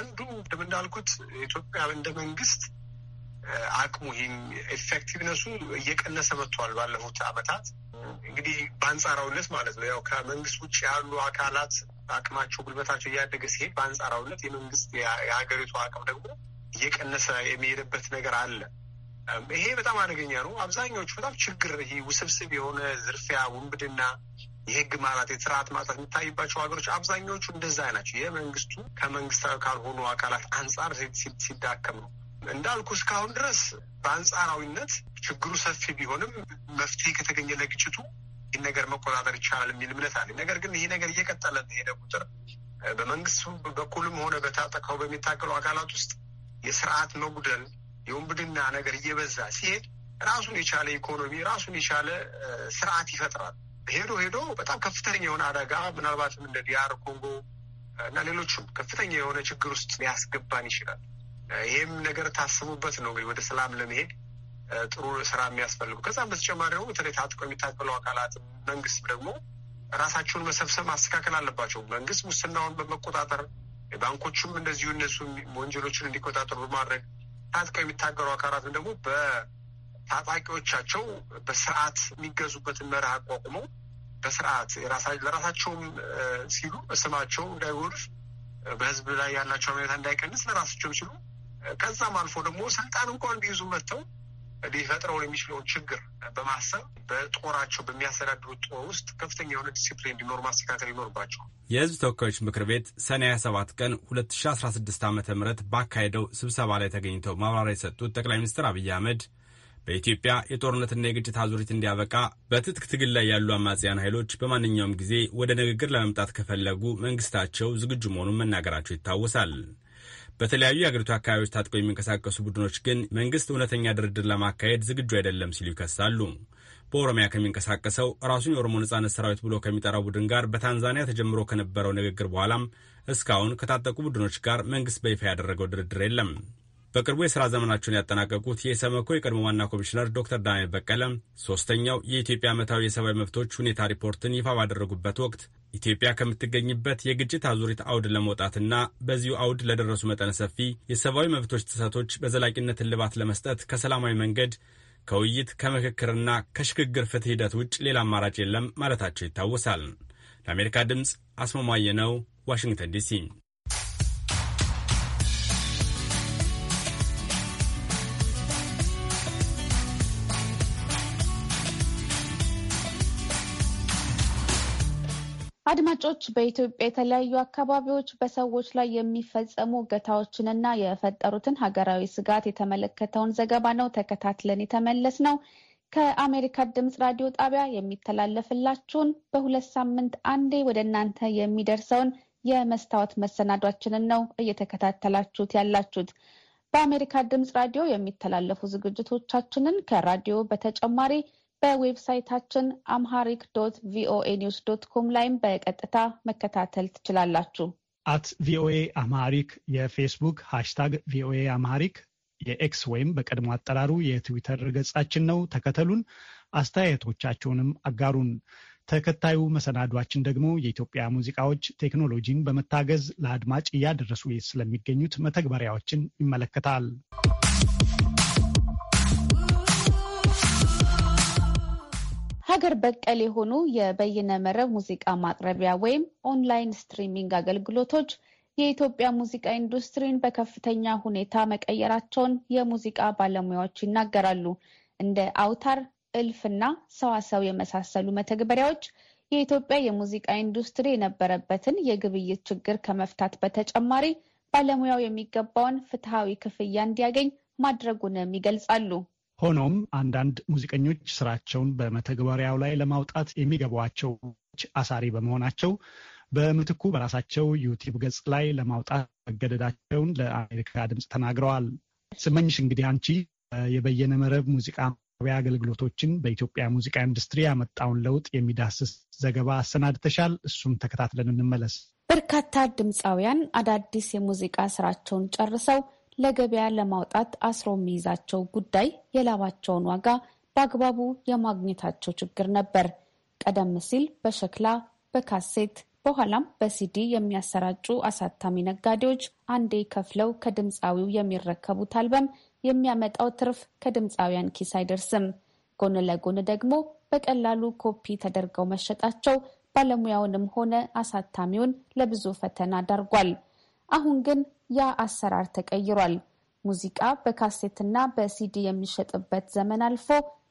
አንዱ እንደምናልኩት ኢትዮጵያ እንደ መንግስት አቅሙ ይህም ኢፌክቲቭነሱ እየቀነሰ መጥቷል ባለፉት አመታት። እንግዲህ በአንጻራዊነት ማለት ነው ያው ከመንግስት ውጭ ያሉ አካላት አቅማቸው ጉልበታቸው እያደገ ሲሄድ፣ በአንጻራዊነት የመንግስት የሀገሪቱ አቅም ደግሞ እየቀነሰ የሚሄድበት ነገር አለ። ይሄ በጣም አደገኛ ነው። አብዛኛዎቹ በጣም ችግር ይሄ ውስብስብ የሆነ ዝርፊያ፣ ውንብድና፣ የህግ ማራት፣ የስርዓት ማጥፋት የሚታይባቸው ሀገሮች አብዛኛዎቹ እንደዛ ናቸው። የመንግስቱ ከመንግስታዊ ካልሆኑ አካላት አንጻር ሲዳከም ነው እንዳልኩ እስካሁን ድረስ በአንጻራዊነት ችግሩ ሰፊ ቢሆንም መፍትሄ ከተገኘ ለግጭቱ ይህ ነገር መቆጣጠር ይቻላል የሚል እምነት አለ። ነገር ግን ይህ ነገር እየቀጠለ ሄደ ቁጥር በመንግስት በኩልም ሆነ በታጠቀው በሚታገሉ አካላት ውስጥ የስርዓት መጉደል የወንብድና ነገር እየበዛ ሲሄድ ራሱን የቻለ ኢኮኖሚ ራሱን የቻለ ስርዓት ይፈጥራል። ሄዶ ሄዶ በጣም ከፍተኛ የሆነ አደጋ ምናልባትም እንደ ዲያር ኮንጎ እና ሌሎችም ከፍተኛ የሆነ ችግር ውስጥ ሊያስገባን ይችላል። ይህም ነገር ታስቡበት ነው እንግዲህ ወደ ሰላም ለመሄድ ጥሩ ስራ የሚያስፈልጉ። ከዛም በተጨማሪ ደግሞ በተለይ ታጥቆ የሚታገሉ አካላት መንግስት ደግሞ ራሳቸውን መሰብሰብ ማስተካከል አለባቸው። መንግስት ሙስናውን በመቆጣጠር ባንኮቹም እንደዚሁ እነሱ ወንጀሎችን እንዲቆጣጠሩ በማድረግ ታጥቀው የሚታገሉ አካላትም ደግሞ በታጣቂዎቻቸው በስርዓት የሚገዙበትን መርህ አቋቁመው በስርዓት ለራሳቸውም ሲሉ ስማቸው እንዳይጎድፍ በህዝብ ላይ ያላቸው ሁኔታ እንዳይቀንስ ለራሳቸውም ሲሉ ከዛም አልፎ ደግሞ ስልጣን እንኳን ቢይዙ መጥተው ሊፈጥረውን የሚችለውን ችግር በማሰብ በጦራቸው በሚያስተዳድሩት ጦር ውስጥ ከፍተኛ የሆነ ዲሲፕሊን እንዲኖር ማስተካከል ይኖርባቸዋል። የህዝብ ተወካዮች ምክር ቤት ሰኔ 27 ቀን 2016 ዓ ም ባካሄደው ስብሰባ ላይ ተገኝተው ማብራሪያ የሰጡት ጠቅላይ ሚኒስትር አብይ አህመድ በኢትዮጵያ የጦርነትና የግጭት አዙሪት እንዲያበቃ በትጥቅ ትግል ላይ ያሉ አማጽያን ኃይሎች በማንኛውም ጊዜ ወደ ንግግር ለመምጣት ከፈለጉ መንግስታቸው ዝግጁ መሆኑን መናገራቸው ይታወሳል። በተለያዩ የአገሪቱ አካባቢዎች ታጥቀው የሚንቀሳቀሱ ቡድኖች ግን መንግስት እውነተኛ ድርድር ለማካሄድ ዝግጁ አይደለም ሲሉ ይከሳሉ። በኦሮሚያ ከሚንቀሳቀሰው ራሱን የኦሮሞ ነጻነት ሰራዊት ብሎ ከሚጠራው ቡድን ጋር በታንዛኒያ ተጀምሮ ከነበረው ንግግር በኋላም እስካሁን ከታጠቁ ቡድኖች ጋር መንግስት በይፋ ያደረገው ድርድር የለም። በቅርቡ የሥራ ዘመናቸውን ያጠናቀቁት የኢሰመኮ የቀድሞ ዋና ኮሚሽነር ዶክተር ዳንኤል በቀለ ሦስተኛው የኢትዮጵያ ዓመታዊ የሰብአዊ መብቶች ሁኔታ ሪፖርትን ይፋ ባደረጉበት ወቅት ኢትዮጵያ ከምትገኝበት የግጭት አዙሪት አውድ ለመውጣትና በዚሁ አውድ ለደረሱ መጠነ ሰፊ የሰብአዊ መብቶች ጥሰቶች በዘላቂነት እልባት ለመስጠት ከሰላማዊ መንገድ ከውይይት ከምክክርና ከሽግግር ፍትህ ሂደት ውጭ ሌላ አማራጭ የለም ማለታቸው ይታወሳል። ለአሜሪካ ድምፅ አስማማየ ነው፣ ዋሽንግተን ዲሲ። አድማጮች በኢትዮጵያ የተለያዩ አካባቢዎች በሰዎች ላይ የሚፈጸሙ እገታዎችንና የፈጠሩትን ሀገራዊ ስጋት የተመለከተውን ዘገባ ነው ተከታትለን የተመለስ ነው። ከአሜሪካ ድምፅ ራዲዮ ጣቢያ የሚተላለፍላችሁን በሁለት ሳምንት አንዴ ወደ እናንተ የሚደርሰውን የመስታወት መሰናዷችንን ነው እየተከታተላችሁት ያላችሁት። በአሜሪካ ድምፅ ራዲዮ የሚተላለፉ ዝግጅቶቻችንን ከራዲዮ በተጨማሪ በዌብሳይታችን አምሃሪክ ዶት ቪኦኤ ኒውስ ዶት ኮም ላይም በቀጥታ መከታተል ትችላላችሁ። አት ቪኦኤ አምሃሪክ የፌስቡክ ሃሽታግ ቪኦኤ አምሃሪክ የኤክስ ወይም በቀድሞ አጠራሩ የትዊተር ገጻችን ነው። ተከተሉን፣ አስተያየቶቻችሁንም አጋሩን። ተከታዩ መሰናዷችን ደግሞ የኢትዮጵያ ሙዚቃዎች ቴክኖሎጂን በመታገዝ ለአድማጭ እያደረሱ ስለሚገኙት መተግበሪያዎችን ይመለከታል። ሀገር በቀል የሆኑ የበይነ መረብ ሙዚቃ ማቅረቢያ ወይም ኦንላይን ስትሪሚንግ አገልግሎቶች የኢትዮጵያ ሙዚቃ ኢንዱስትሪን በከፍተኛ ሁኔታ መቀየራቸውን የሙዚቃ ባለሙያዎች ይናገራሉ። እንደ አውታር፣ እልፍና ሰዋሰው የመሳሰሉ መተግበሪያዎች የኢትዮጵያ የሙዚቃ ኢንዱስትሪ የነበረበትን የግብይት ችግር ከመፍታት በተጨማሪ ባለሙያው የሚገባውን ፍትሐዊ ክፍያ እንዲያገኝ ማድረጉንም ይገልጻሉ። ሆኖም አንዳንድ ሙዚቀኞች ስራቸውን በመተግበሪያው ላይ ለማውጣት የሚገቧቸው አሳሪ በመሆናቸው በምትኩ በራሳቸው ዩቲዩብ ገጽ ላይ ለማውጣት መገደዳቸውን ለአሜሪካ ድምፅ ተናግረዋል። ስመኝሽ፣ እንግዲህ አንቺ የበየነ መረብ ሙዚቃ ማቅረቢያ አገልግሎቶችን በኢትዮጵያ ሙዚቃ ኢንዱስትሪ ያመጣውን ለውጥ የሚዳስስ ዘገባ አሰናድተሻል። እሱን ተከታትለን እንመለስ። በርካታ ድምፃውያን አዳዲስ የሙዚቃ ስራቸውን ጨርሰው ለገበያ ለማውጣት አስሮ የሚይዛቸው ጉዳይ የላባቸውን ዋጋ በአግባቡ የማግኘታቸው ችግር ነበር። ቀደም ሲል በሸክላ በካሴት በኋላም በሲዲ የሚያሰራጩ አሳታሚ ነጋዴዎች አንዴ ከፍለው ከድምፃዊው የሚረከቡት አልበም የሚያመጣው ትርፍ ከድምፃውያን ኪስ አይደርስም። ጎን ለጎን ደግሞ በቀላሉ ኮፒ ተደርገው መሸጣቸው ባለሙያውንም ሆነ አሳታሚውን ለብዙ ፈተና ዳርጓል። አሁን ግን ያ አሰራር ተቀይሯል። ሙዚቃ በካሴትና በሲዲ የሚሸጥበት ዘመን አልፎ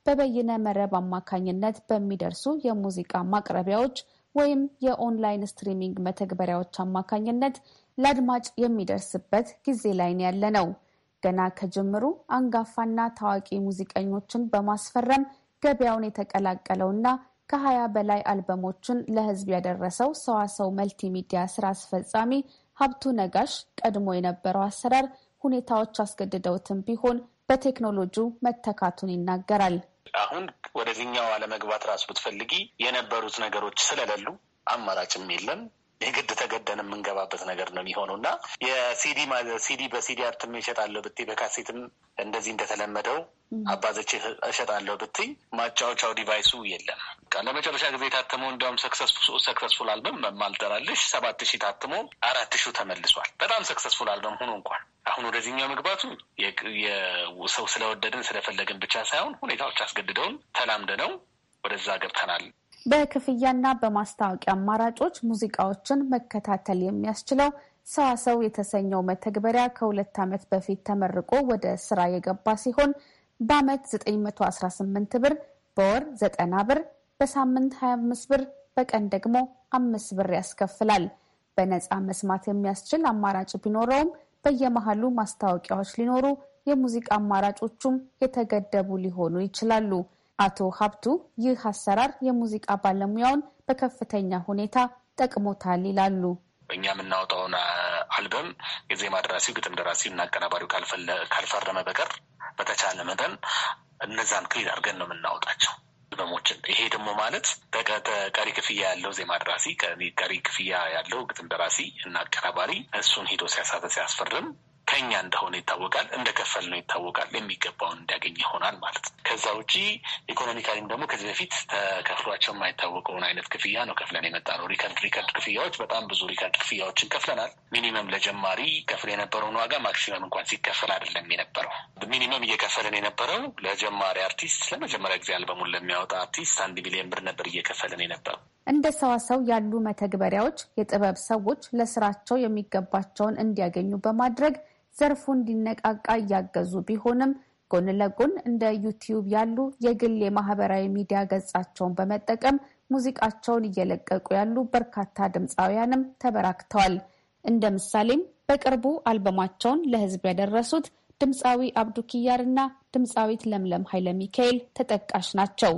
በበይነ መረብ አማካኝነት በሚደርሱ የሙዚቃ ማቅረቢያዎች ወይም የኦንላይን ስትሪሚንግ መተግበሪያዎች አማካኝነት ለአድማጭ የሚደርስበት ጊዜ ላይን ያለ ነው። ገና ከጅምሩ አንጋፋና ታዋቂ ሙዚቀኞችን በማስፈረም ገበያውን የተቀላቀለውና ከሀያ በላይ አልበሞችን ለህዝብ ያደረሰው ሰዋሰው መልቲሚዲያ ስራ አስፈጻሚ ሀብቱ ነጋሽ ቀድሞ የነበረው አሰራር ሁኔታዎች አስገድደውትም ቢሆን በቴክኖሎጂው መተካቱን ይናገራል። አሁን ወደዚህኛው አለመግባት ራሱ ብትፈልጊ የነበሩት ነገሮች ስለሌሉ አማራጭም የለም። የግድ ተገደን የምንገባበት ነገር ነው የሚሆነው እና የሲዲ ሲዲ በሲዲ አርትም እሸጣለሁ ብትይ በካሴትም እንደዚህ እንደተለመደው አባዘች እሸጣለሁ ብትይ ማጫወቻው ዲቫይሱ የለም። ለመጨረሻ ጊዜ የታተመው እንዲያውም ሰክሰስፉል አልበም ማልጠራልሽ ሰባት ሺህ ታትሞ አራት ሺው ተመልሷል። በጣም ሰክሰስፉል አልበም ሆኖ እንኳን አሁን ወደዚህኛው መግባቱ ሰው ስለወደድን ስለፈለግን ብቻ ሳይሆን ሁኔታዎች አስገድደውን ተላምደ ነው ወደዛ ገብተናል። በክፍያና በማስታወቂያ አማራጮች ሙዚቃዎችን መከታተል የሚያስችለው ሰዋሰው የተሰኘው መተግበሪያ ከሁለት ዓመት በፊት ተመርቆ ወደ ስራ የገባ ሲሆን በዓመት 918 ብር፣ በወር 90 ብር፣ በሳምንት 25 ብር፣ በቀን ደግሞ አምስት ብር ያስከፍላል። በነፃ መስማት የሚያስችል አማራጭ ቢኖረውም በየመሃሉ ማስታወቂያዎች ሊኖሩ፣ የሙዚቃ አማራጮቹም የተገደቡ ሊሆኑ ይችላሉ። አቶ ሀብቱ ይህ አሰራር የሙዚቃ ባለሙያውን በከፍተኛ ሁኔታ ጠቅሞታል ይላሉ። እኛ የምናወጣውን አልበም የዜማ ደራሲው፣ ግጥም ደራሲው እና አቀናባሪው ካልፈረመ በቀር በተቻለ መጠን እነዛን ክሊል አድርገን ነው የምናወጣቸው አልበሞችን። ይሄ ደግሞ ማለት ቀሪ ክፍያ ያለው ዜማ ደራሲ፣ ቀሪ ክፍያ ያለው ግጥም ደራሲ እና አቀናባሪ እሱን ሂዶ ሲያሳተ ሲያስፈርም ከኛ እንደሆነ ይታወቃል፣ እንደከፈል ነው ይታወቃል። የሚገባውን እንዲያገኝ ይሆናል ማለት ነው። ከዛ ውጪ ኢኮኖሚካሊም ደግሞ ከዚህ በፊት ተከፍሏቸው የማይታወቀውን አይነት ክፍያ ነው ከፍለን የመጣ ነው። ሪከርድ ሪከርድ ክፍያዎች በጣም ብዙ ሪከርድ ክፍያዎችን ከፍለናል። ሚኒመም ለጀማሪ ከፍል የነበረውን ዋጋ ማክሲመም እንኳን ሲከፈል አይደለም የነበረው። ሚኒመም እየከፈልን የነበረው ለጀማሪ አርቲስት ለመጀመሪያ ጊዜ አልበሙን ለሚያወጣ አርቲስት አንድ ሚሊዮን ብር ነበር እየከፈልን የነበረው። እንደ ሰዋሰው ያሉ መተግበሪያዎች የጥበብ ሰዎች ለስራቸው የሚገባቸውን እንዲያገኙ በማድረግ ዘርፉ እንዲነቃቃ እያገዙ ቢሆንም ጎን ለጎን እንደ ዩቲዩብ ያሉ የግል የማህበራዊ ሚዲያ ገጻቸውን በመጠቀም ሙዚቃቸውን እየለቀቁ ያሉ በርካታ ድምፃውያንም ተበራክተዋል። እንደ ምሳሌም በቅርቡ አልበማቸውን ለህዝብ ያደረሱት ድምፃዊ አብዱኪያር እና ድምፃዊት ለምለም ኃይለ ሚካኤል ተጠቃሽ ናቸው።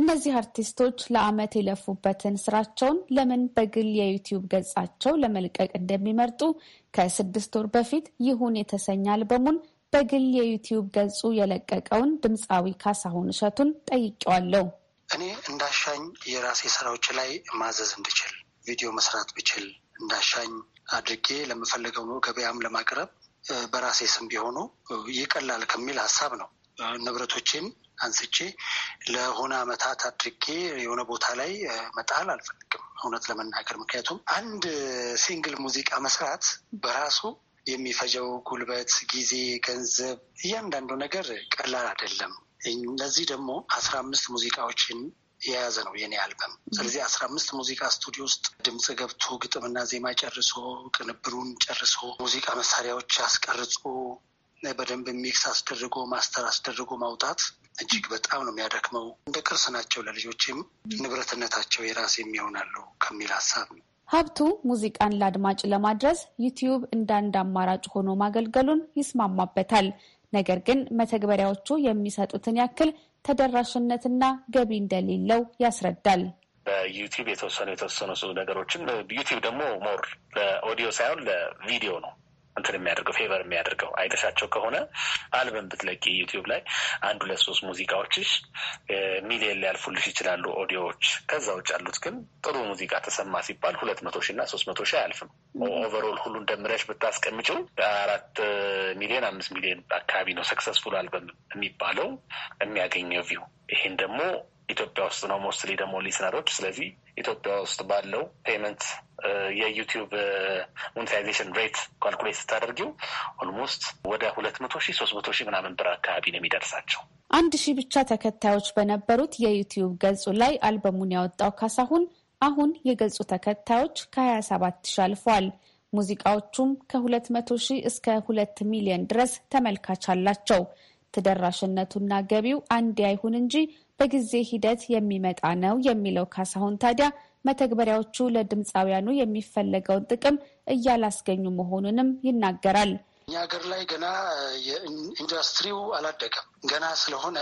እነዚህ አርቲስቶች ለዓመት የለፉበትን ስራቸውን ለምን በግል የዩቲዩብ ገጻቸው ለመልቀቅ እንደሚመርጡ ከስድስት ወር በፊት ይሁን የተሰኘ አልበሙን በግል የዩቲዩብ ገጹ የለቀቀውን ድምፃዊ ካሳሁን እሸቱን ጠይቄዋለሁ። እኔ እንዳሻኝ የራሴ ስራዎች ላይ ማዘዝ እንድችል ቪዲዮ መስራት ብችል እንዳሻኝ አድርጌ ለምፈልገው ነው ገበያም ለማቅረብ በራሴ ስም ቢሆኑ ይቀላል ከሚል ሀሳብ ነው ንብረቶቼም አንስቼ ለሆነ አመታት አድርጌ የሆነ ቦታ ላይ መጣል አልፈልግም፣ እውነት ለመናገር ምክንያቱም አንድ ሲንግል ሙዚቃ መስራት በራሱ የሚፈጀው ጉልበት፣ ጊዜ፣ ገንዘብ እያንዳንዱ ነገር ቀላል አይደለም። ለዚህ ደግሞ አስራ አምስት ሙዚቃዎችን የያዘ ነው የኔ አልበም። ስለዚህ አስራ አምስት ሙዚቃ ስቱዲዮ ውስጥ ድምፅ ገብቶ ግጥምና ዜማ ጨርሶ ቅንብሩን ጨርሶ ሙዚቃ መሳሪያዎች አስቀርጾ በደንብ ሚክስ አስደርጎ ማስተር አስደርጎ ማውጣት እጅግ በጣም ነው የሚያደክመው። እንደ ቅርስ ናቸው፣ ለልጆችም ንብረትነታቸው የራሴ የሚሆናሉ ከሚል ሀሳብ ነው። ሀብቱ ሙዚቃን ለአድማጭ ለማድረስ ዩቲዩብ እንደ አንድ አማራጭ ሆኖ ማገልገሉን ይስማማበታል። ነገር ግን መተግበሪያዎቹ የሚሰጡትን ያክል ተደራሽነትና ገቢ እንደሌለው ያስረዳል። በዩቲዩብ የተወሰኑ የተወሰኑ ነገሮችን ዩቲዩብ ደግሞ ሞር ለኦዲዮ ሳይሆን ለቪዲዮ ነው እንትን የሚያደርገው ፌቨር የሚያደርገው አይተሻቸው ከሆነ አልበም ብትለቂ ዩቲዩብ ላይ አንድ ሁለት ሶስት ሙዚቃዎችሽ ሚሊየን ሊያልፉልሽ ይችላሉ ኦዲዮዎች። ከዛ ውጭ ያሉት ግን ጥሩ ሙዚቃ ተሰማ ሲባል ሁለት መቶ ሺ እና ሶስት መቶ ሺ አያልፍም። ኦቨርኦል ሁሉን ደምረሽ ብታስቀምጪው አራት ሚሊዮን አምስት ሚሊዮን አካባቢ ነው ሰክሰስፉል አልበም የሚባለው የሚያገኘው ቪው። ይሄን ደግሞ ኢትዮጵያ ውስጥ ነው ሞስትሊ ደግሞ ሊስነሮች። ስለዚህ ኢትዮጵያ ውስጥ ባለው ፔመንት የዩቲዩብ ሞኔታይዜሽን ሬት ካልኩሌት ስታደርጊው ኦልሞስት ወደ ሁለት መቶ ሺህ ሶስት መቶ ሺህ ምናምን ብር አካባቢ ነው የሚደርሳቸው። አንድ ሺህ ብቻ ተከታዮች በነበሩት የዩቲዩብ ገጹ ላይ አልበሙን ያወጣው ካሳሁን አሁን የገጹ ተከታዮች ከ27 ሺህ አልፏል። ሙዚቃዎቹም ከ200 ሺህ እስከ 2 ሚሊዮን ድረስ ተመልካች አላቸው። ተደራሽነቱና ገቢው አንድ አይሁን እንጂ በጊዜ ሂደት የሚመጣ ነው የሚለው ካሳሁን ታዲያ መተግበሪያዎቹ ለድምፃውያኑ የሚፈለገውን ጥቅም እያላስገኙ መሆኑንም ይናገራል። እኛ ሀገር ላይ ገና የኢንዱስትሪው አላደገም ገና ስለሆነ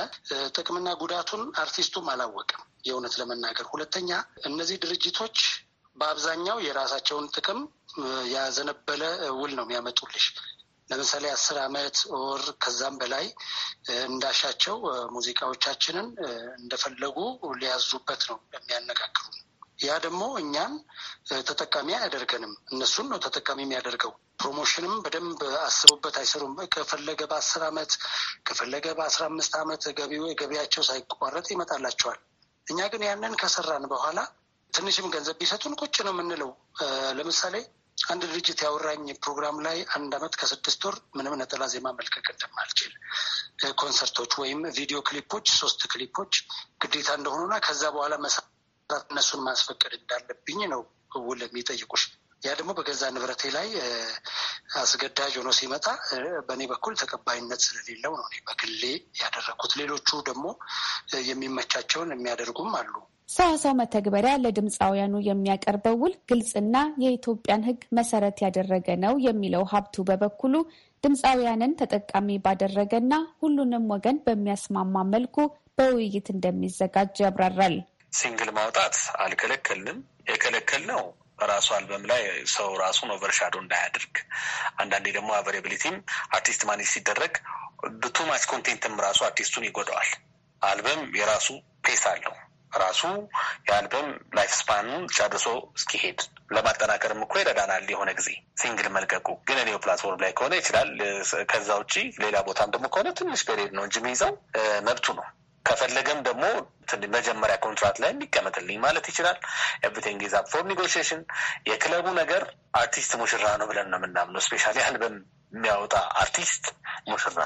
ጥቅምና ጉዳቱን አርቲስቱም አላወቅም። የእውነት ለመናገር ሁለተኛ፣ እነዚህ ድርጅቶች በአብዛኛው የራሳቸውን ጥቅም ያዘነበለ ውል ነው የሚያመጡልሽ። ለምሳሌ አስር አመት ወር ከዛም በላይ እንዳሻቸው ሙዚቃዎቻችንን እንደፈለጉ ሊያዙበት ነው የሚያነጋግሩ። ያ ደግሞ እኛን ተጠቃሚ አያደርገንም፣ እነሱን ነው ተጠቃሚ የሚያደርገው። ፕሮሞሽንም በደንብ አስቡበት አይሰሩም። ከፈለገ በአስር ዓመት ከፈለገ በአስራ አምስት አመት ገቢው የገቢያቸው ሳይቋረጥ ይመጣላቸዋል። እኛ ግን ያንን ከሰራን በኋላ ትንሽም ገንዘብ ቢሰጡን ቁጭ ነው የምንለው። ለምሳሌ አንድ ድርጅት ያወራኝ ፕሮግራም ላይ አንድ አመት ከስድስት ወር ምንም ነጠላ ዜማ መልቀቅ እንደማልችል ኮንሰርቶች ወይም ቪዲዮ ክሊፖች ሶስት ክሊፖች ግዴታ እንደሆኑና ከዛ በኋላ መሳት እነሱን ማስፈቀድ እንዳለብኝ ነው ውል የሚጠይቁሽ። ያ ደግሞ በገዛ ንብረቴ ላይ አስገዳጅ ሆኖ ሲመጣ በእኔ በኩል ተቀባይነት ስለሌለው ነው በግሌ ያደረግኩት። ሌሎቹ ደግሞ የሚመቻቸውን የሚያደርጉም አሉ። ሰዋሰው መተግበሪያ ለድምፃውያኑ የሚያቀርበው ውል ግልጽና የኢትዮጵያን ሕግ መሰረት ያደረገ ነው የሚለው ሀብቱ በበኩሉ ድምፃውያንን ተጠቃሚ ባደረገና ሁሉንም ወገን በሚያስማማ መልኩ በውይይት እንደሚዘጋጅ ያብራራል። ሲንግል ማውጣት አልከለከልንም። የከለከል ነው አልበም ላይ ሰው ራሱን ኦቨርሻዶ እንዳያደርግ። አንዳንዴ ደግሞ አቬሬብሊቲም አርቲስት ማኔጅ ሲደረግ ቱማች ኮንቴንትም ራሱ አርቲስቱን ይጎዳዋል። አልበም የራሱ ፔስ አለው ራሱ የአልበም ላይፍ ስፓኑን ጨርሶ እስኪሄድ ለማጠናከርም እኮ ይረዳናል። የሆነ ጊዜ ሲንግል መልቀቁ ግን እኔው ፕላትፎርም ላይ ከሆነ ይችላል። ከዛ ውጭ ሌላ ቦታም ደግሞ ከሆነ ትንሽ ፔሬድ ነው እንጂ የሚይዘው መብቱ ነው። ከፈለገም ደግሞ መጀመሪያ ኮንትራት ላይ የሚቀመጥልኝ ማለት ይችላል። ኤቭሪቲንግ ኢዝ አፕ ፎር ኔጎሽሽን። የክለቡ ነገር አርቲስት ሙሽራ ነው ብለን ነው የምናምነው። ስፔሻሊ አልበም የሚያወጣ አርቲስት ሙሽራ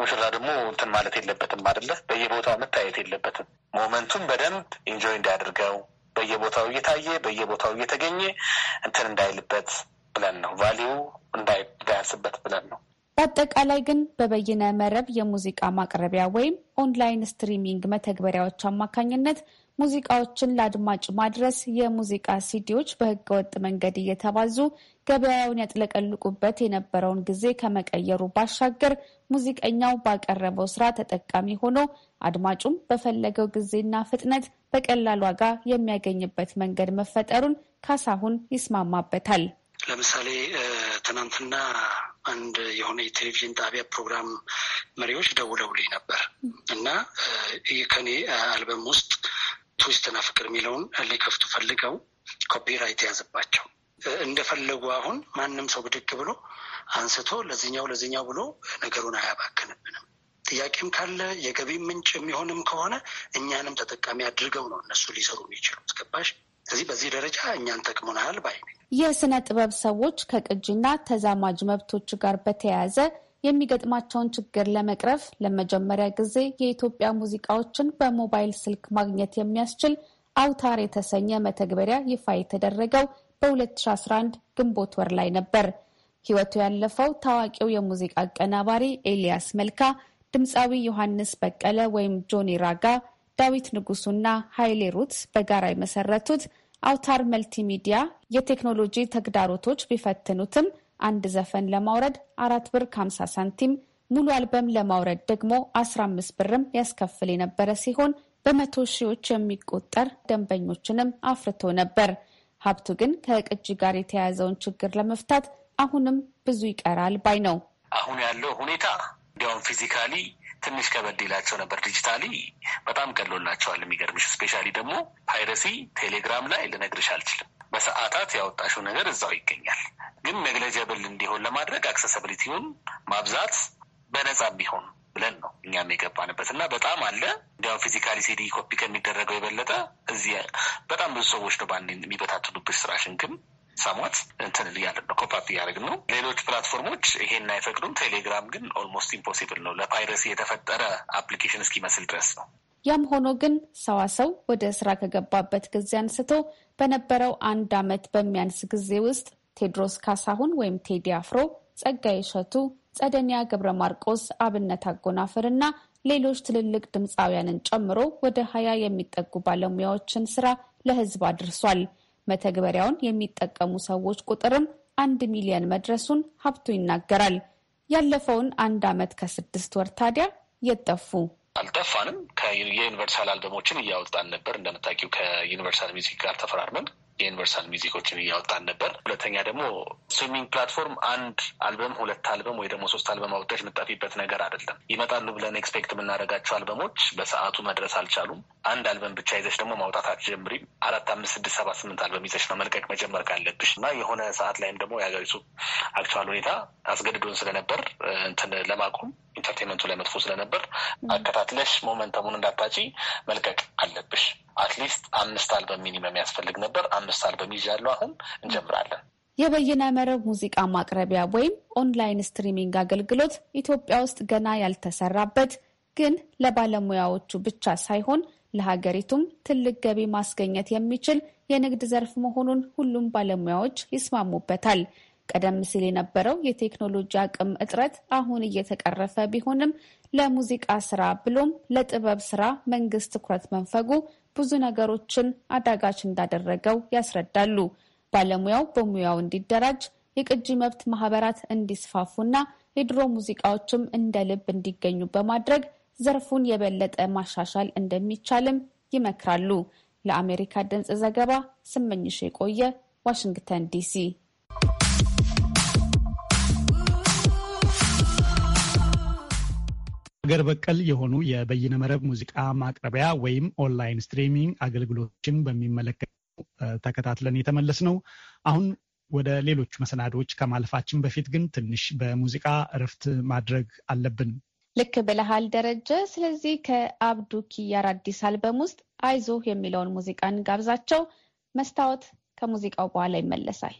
ሙሽራ ደግሞ እንትን ማለት የለበትም አይደለ? በየቦታው መታየት የለበትም። ሞመንቱን በደንብ ኢንጆይ እንዲያደርገው በየቦታው እየታየ በየቦታው እየተገኘ እንትን እንዳይልበት ብለን ነው ቫሊዩ እንዳያንስበት ብለን ነው። በአጠቃላይ ግን በበይነ መረብ የሙዚቃ ማቅረቢያ ወይም ኦንላይን ስትሪሚንግ መተግበሪያዎች አማካኝነት ሙዚቃዎችን ለአድማጭ ማድረስ የሙዚቃ ሲዲዎች በህገወጥ መንገድ እየተባዙ ገበያውን ያጥለቀልቁበት የነበረውን ጊዜ ከመቀየሩ ባሻገር ሙዚቀኛው ባቀረበው ስራ ተጠቃሚ ሆኖ አድማጩም በፈለገው ጊዜና ፍጥነት በቀላል ዋጋ የሚያገኝበት መንገድ መፈጠሩን ካሳሁን ይስማማበታል። ለምሳሌ ትናንትና አንድ የሆነ የቴሌቪዥን ጣቢያ ፕሮግራም መሪዎች ደውለውልኝ ነበር እና ከኔ አልበም ውስጥ ትዊስትና ፍቅር የሚለውን ሊከፍቱ ፈልገው ኮፒራይት የያዘባቸው እንደፈለጉ አሁን ማንም ሰው ብድግ ብሎ አንስቶ ለዚኛው ለዚኛው ብሎ ነገሩን አያባክንብንም። ጥያቄም ካለ የገቢ ምንጭ የሚሆንም ከሆነ እኛንም ተጠቃሚ አድርገው ነው እነሱ ሊሰሩ የሚችሉት። ገባሽ? ስለዚህ በዚህ ደረጃ እኛን ጠቅሙናል ባይ የስነ ጥበብ ሰዎች ከቅጂና ተዛማጅ መብቶች ጋር በተያያዘ የሚገጥማቸውን ችግር ለመቅረፍ ለመጀመሪያ ጊዜ የኢትዮጵያ ሙዚቃዎችን በሞባይል ስልክ ማግኘት የሚያስችል አውታር የተሰኘ መተግበሪያ ይፋ የተደረገው በ2011 ግንቦት ወር ላይ ነበር። ሕይወቱ ያለፈው ታዋቂው የሙዚቃ አቀናባሪ ኤልያስ መልካ፣ ድምፃዊ ዮሐንስ በቀለ ወይም ጆኒ ራጋ፣ ዳዊት ንጉሱና ሀይሌ ሩት በጋራ የመሰረቱት አውታር መልቲሚዲያ የቴክኖሎጂ ተግዳሮቶች ቢፈትኑትም አንድ ዘፈን ለማውረድ አራት ብር ከሀምሳ ሳንቲም ሙሉ አልበም ለማውረድ ደግሞ 15 ብርም ያስከፍል የነበረ ሲሆን በመቶ ሺዎች የሚቆጠር ደንበኞችንም አፍርቶ ነበር። ሀብቱ ግን ከቅጂ ጋር የተያያዘውን ችግር ለመፍታት አሁንም ብዙ ይቀራል ባይ ነው። አሁን ያለው ሁኔታ እንዲያውም ፊዚካሊ ትንሽ ከበድ ይላቸው ነበር። ዲጂታሊ በጣም ቀሎላቸዋል። የሚገርምሽ ስፔሻሊ ደግሞ ፓይረሲ ቴሌግራም ላይ ልነግርሽ አልችልም። በሰዓታት ያወጣሽው ነገር እዛው ይገኛል። ግን ነግለጀብል እንዲሆን ለማድረግ አክሰሰብሊቲውን ማብዛት በነጻ ቢሆን ብለን ነው እኛም የገባንበት እና በጣም አለ። እንዲያውም ፊዚካሊ ሲዲ ኮፒ ከሚደረገው የበለጠ እዚህ በጣም ብዙ ሰዎች ነው በአንድ የሚበታትኑበት ስራሽን ግን ሰሟት እንትን እያለን ነው ኮፓፕ እያደረግን ነው። ሌሎች ፕላትፎርሞች ይሄን አይፈቅዱም። ቴሌግራም ግን ኦልሞስት ኢምፖሲብል ነው ለፓይረሲ የተፈጠረ አፕሊኬሽን እስኪመስል ድረስ ነው። ያም ሆኖ ግን ሰዋሰው ወደ ስራ ከገባበት ጊዜ አንስቶ በነበረው አንድ አመት በሚያንስ ጊዜ ውስጥ ቴድሮስ ካሳሁን ወይም ቴዲ አፍሮ፣ ጸጋዬ እሸቱ፣ ጸደኒያ ገብረ ማርቆስ አብነት አጎናፍር እና ሌሎች ትልልቅ ድምፃውያንን ጨምሮ ወደ ሀያ የሚጠጉ ባለሙያዎችን ስራ ለህዝብ አድርሷል። መተግበሪያውን የሚጠቀሙ ሰዎች ቁጥርም አንድ ሚሊዮን መድረሱን ሀብቱ ይናገራል። ያለፈውን አንድ ዓመት ከስድስት ወር ታዲያ የጠፉ አልጠፋንም። የዩኒቨርሳል አልበሞችን እያወጣን ነበር። እንደምታውቂው ከዩኒቨርሳል ሚዚክ ጋር ተፈራርመን የዩኒቨርሳል ሚዚኮችን እያወጣን ነበር። ሁለተኛ ደግሞ ስትሪሚንግ ፕላትፎርም አንድ አልበም ሁለት አልበም ወይ ደግሞ ሶስት አልበም አውጥተሽ የምጠፊበት ነገር አይደለም። ይመጣሉ ብለን ኤክስፔክት የምናደርጋቸው አልበሞች በሰዓቱ መድረስ አልቻሉም። አንድ አልበም ብቻ ይዘሽ ደግሞ ማውጣት አትጀምሪም። አራት፣ አምስት፣ ስድስት፣ ሰባት፣ ስምንት አልበም ይዘሽ ነው መልቀቅ መጀመር ካለብሽ እና የሆነ ሰዓት ላይም ደግሞ የሀገሪቱ አክቹዋል ሁኔታ አስገድዶን ስለነበር እንትን ለማቆም ኢንተርቴንመንቱ ላይ መጥፎ ስለነበር አከታትለሽ ሞመንተሙን እንዳታጪ መልቀቅ አለብሽ። አትሊስት አምስት አልበም ሚኒመም ያስፈልግ ነበር። አምስት አልበም ይዣለሁ። አሁን እንጀምራለን። የበይነ መረብ ሙዚቃ ማቅረቢያ ወይም ኦንላይን ስትሪሚንግ አገልግሎት ኢትዮጵያ ውስጥ ገና ያልተሰራበት ግን ለባለሙያዎቹ ብቻ ሳይሆን ለሀገሪቱም ትልቅ ገቢ ማስገኘት የሚችል የንግድ ዘርፍ መሆኑን ሁሉም ባለሙያዎች ይስማሙበታል። ቀደም ሲል የነበረው የቴክኖሎጂ አቅም እጥረት አሁን እየተቀረፈ ቢሆንም ለሙዚቃ ስራ ብሎም ለጥበብ ስራ መንግስት ትኩረት መንፈጉ ብዙ ነገሮችን አዳጋች እንዳደረገው ያስረዳሉ። ባለሙያው በሙያው እንዲደራጅ የቅጂ መብት ማህበራት እንዲስፋፉና የድሮ ሙዚቃዎችም እንደ ልብ እንዲገኙ በማድረግ ዘርፉን የበለጠ ማሻሻል እንደሚቻልም ይመክራሉ። ለአሜሪካ ድምፅ ዘገባ ስመኝሽ የቆየ ዋሽንግተን ዲሲ። ሀገር በቀል የሆኑ የበይነ መረብ ሙዚቃ ማቅረቢያ ወይም ኦንላይን ስትሪሚንግ አገልግሎቶችን በሚመለከት ተከታትለን የተመለስ ነው። አሁን ወደ ሌሎች መሰናዶዎች ከማለፋችን በፊት ግን ትንሽ በሙዚቃ እረፍት ማድረግ አለብን። ልክ ብለሃል ደረጀ። ስለዚህ ከአብዱ ኪያር አዲስ አልበም ውስጥ አይዞህ የሚለውን ሙዚቃን ጋብዛቸው። መስታወት ከሙዚቃው በኋላ ይመለሳል።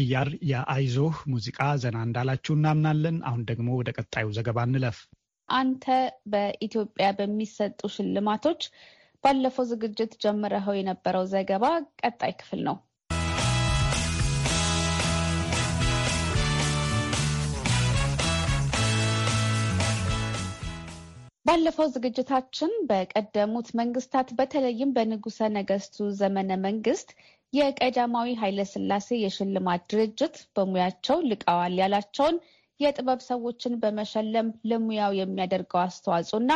ኪያር የአይዞህ ሙዚቃ ዘና እንዳላችሁ እናምናለን። አሁን ደግሞ ወደ ቀጣዩ ዘገባ እንለፍ። አንተ በኢትዮጵያ በሚሰጡ ሽልማቶች ባለፈው ዝግጅት ጀምረኸው የነበረው ዘገባ ቀጣይ ክፍል ነው። ባለፈው ዝግጅታችን በቀደሙት መንግስታት በተለይም በንጉሰ ነገስቱ ዘመነ መንግስት የቀዳማዊ ኃይለስላሴ የሽልማት ድርጅት በሙያቸው ልቀዋል ያላቸውን የጥበብ ሰዎችን በመሸለም ለሙያው የሚያደርገው አስተዋጽኦ እና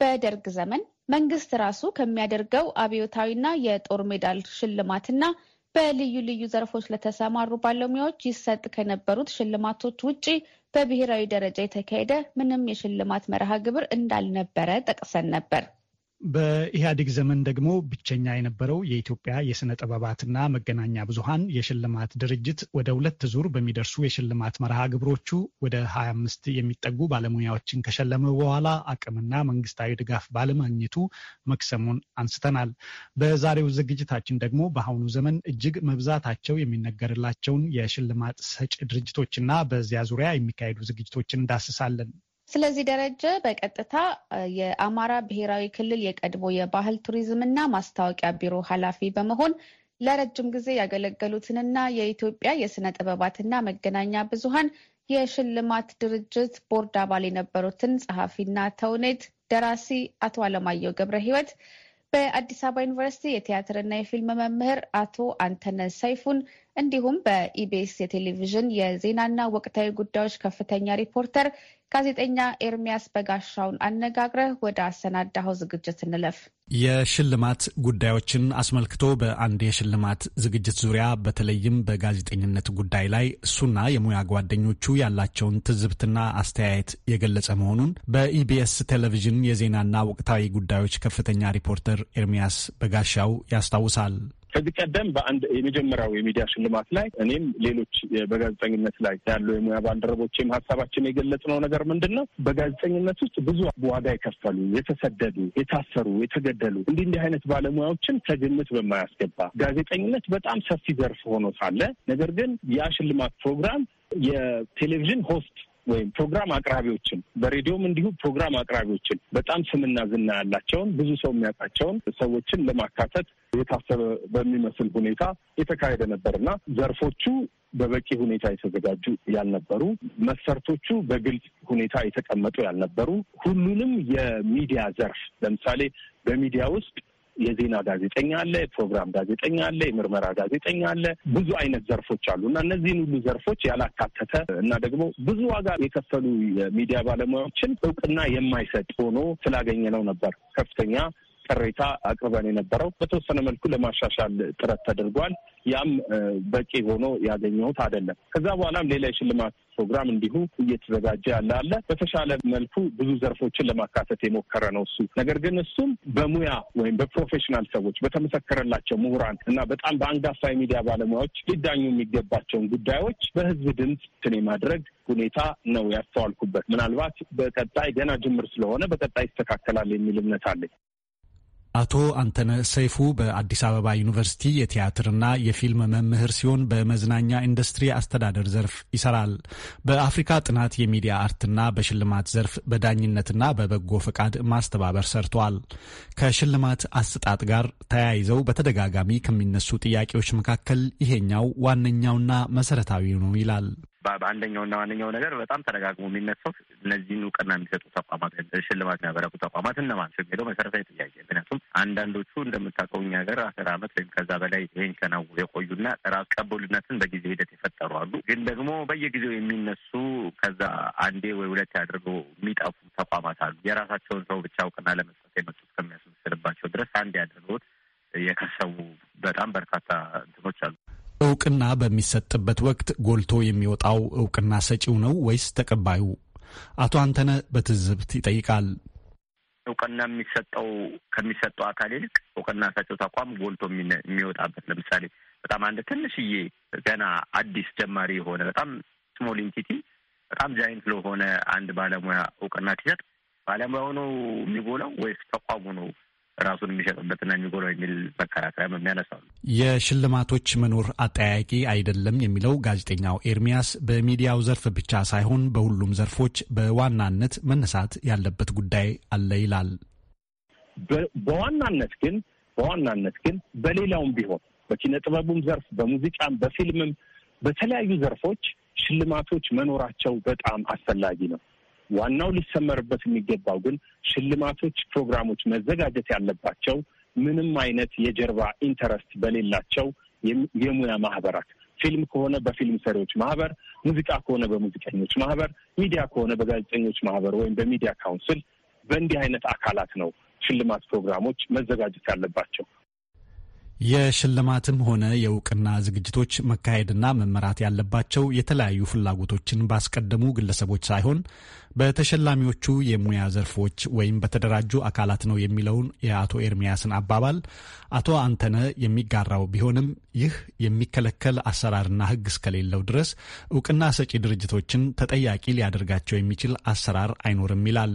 በደርግ ዘመን መንግስት ራሱ ከሚያደርገው አብዮታዊና የጦር ሜዳል ሽልማትና በልዩ ልዩ ዘርፎች ለተሰማሩ ባለሙያዎች ይሰጥ ከነበሩት ሽልማቶች ውጪ በብሔራዊ ደረጃ የተካሄደ ምንም የሽልማት መርሃ ግብር እንዳልነበረ ጠቅሰን ነበር። በኢህአዴግ ዘመን ደግሞ ብቸኛ የነበረው የኢትዮጵያ የሥነ ጥበባትና መገናኛ ብዙሃን የሽልማት ድርጅት ወደ ሁለት ዙር በሚደርሱ የሽልማት መርሃ ግብሮቹ ወደ 25 የሚጠጉ ባለሙያዎችን ከሸለመ በኋላ አቅምና መንግስታዊ ድጋፍ ባለማግኘቱ መክሰሙን አንስተናል። በዛሬው ዝግጅታችን ደግሞ በአሁኑ ዘመን እጅግ መብዛታቸው የሚነገርላቸውን የሽልማት ሰጪ ድርጅቶችና በዚያ ዙሪያ የሚካሄዱ ዝግጅቶችን እንዳስሳለን። ስለዚህ ደረጀ በቀጥታ የአማራ ብሔራዊ ክልል የቀድሞ የባህል ቱሪዝምና ማስታወቂያ ቢሮ ኃላፊ በመሆን ለረጅም ጊዜ ያገለገሉትንና የኢትዮጵያ የስነ ጥበባትና መገናኛ ብዙሀን የሽልማት ድርጅት ቦርድ አባል የነበሩትን ጸሐፊና ተውኔት ደራሲ አቶ አለማየሁ ገብረ ህይወት በአዲስ አበባ ዩኒቨርሲቲ የቲያትርና የፊልም መምህር አቶ አንተነ ሰይፉን እንዲሁም በኢቢኤስ የቴሌቪዥን የዜናና ወቅታዊ ጉዳዮች ከፍተኛ ሪፖርተር ጋዜጠኛ ኤርሚያስ በጋሻውን አነጋግረህ ወደ አሰናዳኸው ዝግጅት እንለፍ። የሽልማት ጉዳዮችን አስመልክቶ በአንድ የሽልማት ዝግጅት ዙሪያ በተለይም በጋዜጠኝነት ጉዳይ ላይ እሱና የሙያ ጓደኞቹ ያላቸውን ትዝብትና አስተያየት የገለጸ መሆኑን በኢቢኤስ ቴሌቪዥን የዜናና ወቅታዊ ጉዳዮች ከፍተኛ ሪፖርተር ኤርሚያስ በጋሻው ያስታውሳል። ከዚህ ቀደም በአንድ የመጀመሪያው የሚዲያ ሽልማት ላይ እኔም ሌሎች በጋዜጠኝነት ላይ ያሉ የሙያ ባልደረቦችም ሀሳባችን የገለጽነው ነገር ምንድን ነው? በጋዜጠኝነት ውስጥ ብዙ ዋጋ የከፈሉ የተሰደዱ፣ የታሰሩ፣ የተገደሉ እንዲህ እንዲህ አይነት ባለሙያዎችን ከግምት በማያስገባ ጋዜጠኝነት በጣም ሰፊ ዘርፍ ሆኖ ሳለ ነገር ግን ያ ሽልማት ፕሮግራም የቴሌቪዥን ሆስት ወይም ፕሮግራም አቅራቢዎችን በሬዲዮም እንዲሁ ፕሮግራም አቅራቢዎችን በጣም ስምና ዝና ያላቸውን ብዙ ሰው የሚያውቃቸውን ሰዎችን ለማካተት የታሰበ በሚመስል ሁኔታ የተካሄደ ነበርና ዘርፎቹ በበቂ ሁኔታ የተዘጋጁ ያልነበሩ፣ መሰርቶቹ በግልጽ ሁኔታ የተቀመጡ ያልነበሩ፣ ሁሉንም የሚዲያ ዘርፍ ለምሳሌ በሚዲያ ውስጥ የዜና ጋዜጠኛ አለ፣ የፕሮግራም ጋዜጠኛ አለ፣ የምርመራ ጋዜጠኛ አለ። ብዙ አይነት ዘርፎች አሉ እና እነዚህን ሁሉ ዘርፎች ያላካተተ እና ደግሞ ብዙ ዋጋ የከፈሉ የሚዲያ ባለሙያዎችን እውቅና የማይሰጥ ሆኖ ስላገኘ ነው ነበር ከፍተኛ ቅሬታ አቅርበን የነበረው በተወሰነ መልኩ ለማሻሻል ጥረት ተደርጓል። ያም በቂ ሆኖ ያገኘሁት አይደለም። ከዛ በኋላም ሌላ የሽልማት ፕሮግራም እንዲሁ እየተዘጋጀ ያለ አለ። በተሻለ መልኩ ብዙ ዘርፎችን ለማካተት የሞከረ ነው እሱ። ነገር ግን እሱም በሙያ ወይም በፕሮፌሽናል ሰዎች በተመሰከረላቸው ምሁራን እና በጣም በአንጋፋ የሚዲያ ባለሙያዎች ሊዳኙ የሚገባቸውን ጉዳዮች በህዝብ ድምፅ ትን የማድረግ ሁኔታ ነው ያስተዋልኩበት። ምናልባት በቀጣይ ገና ጅምር ስለሆነ በቀጣይ ይስተካከላል የሚል እምነት አለኝ። አቶ አንተነ ሰይፉ በአዲስ አበባ ዩኒቨርሲቲ የቲያትርና የፊልም መምህር ሲሆን በመዝናኛ ኢንዱስትሪ አስተዳደር ዘርፍ ይሰራል። በአፍሪካ ጥናት የሚዲያ አርትና በሽልማት ዘርፍ በዳኝነትና በበጎ ፈቃድ ማስተባበር ሰርቷል። ከሽልማት አሰጣጥ ጋር ተያይዘው በተደጋጋሚ ከሚነሱ ጥያቄዎች መካከል ይሄኛው ዋነኛውና መሰረታዊ ነው ይላል። በአንደኛውና ዋነኛው ነገር በጣም ተደጋግሞ የሚነሳው እነዚህን እውቅና የሚሰጡ ተቋማት ሽልማት የሚያበረኩ ተቋማት እነማን የሚለው መሰረታዊ ጥያቄ። ምክንያቱም አንዳንዶቹ እንደምታውቀው እኛ ሀገር አስር አመት ወይም ከዛ በላይ ይህን ከናው የቆዩና ራስ ቀበሉነትን በጊዜው ሂደት የፈጠሩ አሉ። ግን ደግሞ በየጊዜው የሚነሱ ከዛ አንዴ ወይ ሁለት አድርገው የሚጠፉ ተቋማት አሉ። የራሳቸውን ሰው ብቻ እውቅና ለመስጠት የመጡት ከሚያስመስልባቸው ድረስ አንድ አድርገውት የከሰቡ በጣም በርካታ እንትኖች አሉ። እውቅና በሚሰጥበት ወቅት ጎልቶ የሚወጣው እውቅና ሰጪው ነው ወይስ ተቀባዩ? አቶ አንተነ በትዝብት ይጠይቃል። እውቅና የሚሰጠው ከሚሰጠው አካል ይልቅ እውቅና ሰጪው ተቋም ጎልቶ የሚወጣበት ለምሳሌ በጣም አንድ ትንሽዬ ገና አዲስ ጀማሪ የሆነ በጣም ስሞል ኢንቲቲ በጣም ጃይንት ለሆነ አንድ ባለሙያ እውቅና ሲሰጥ ባለሙያ ሆኖ የሚጎላው ወይስ ተቋሙ ነው ራሱን የሚሸጥበትና የሚጎዳው የሚል መከራከሪያም የሚያነሳሉ። የሽልማቶች መኖር አጠያቂ አይደለም የሚለው ጋዜጠኛው ኤርሚያስ በሚዲያው ዘርፍ ብቻ ሳይሆን በሁሉም ዘርፎች በዋናነት መነሳት ያለበት ጉዳይ አለ ይላል። በዋናነት ግን በዋናነት ግን በሌላውም ቢሆን በኪነ ጥበቡም ዘርፍ በሙዚቃም በፊልምም በተለያዩ ዘርፎች ሽልማቶች መኖራቸው በጣም አስፈላጊ ነው። ዋናው ሊሰመርበት የሚገባው ግን ሽልማቶች፣ ፕሮግራሞች መዘጋጀት ያለባቸው ምንም አይነት የጀርባ ኢንተረስት በሌላቸው የሙያ ማህበራት ፊልም ከሆነ በፊልም ሰሪዎች ማህበር፣ ሙዚቃ ከሆነ በሙዚቀኞች ማህበር፣ ሚዲያ ከሆነ በጋዜጠኞች ማህበር ወይም በሚዲያ ካውንስል፣ በእንዲህ አይነት አካላት ነው ሽልማት ፕሮግራሞች መዘጋጀት ያለባቸው። የሽልማትም ሆነ የእውቅና ዝግጅቶች መካሄድና መመራት ያለባቸው የተለያዩ ፍላጎቶችን ባስቀደሙ ግለሰቦች ሳይሆን በተሸላሚዎቹ የሙያ ዘርፎች ወይም በተደራጁ አካላት ነው የሚለውን የአቶ ኤርሚያስን አባባል አቶ አንተነ የሚጋራው ቢሆንም ይህ የሚከለከል አሰራርና ሕግ እስከሌለው ድረስ እውቅና ሰጪ ድርጅቶችን ተጠያቂ ሊያደርጋቸው የሚችል አሰራር አይኖርም ይላል።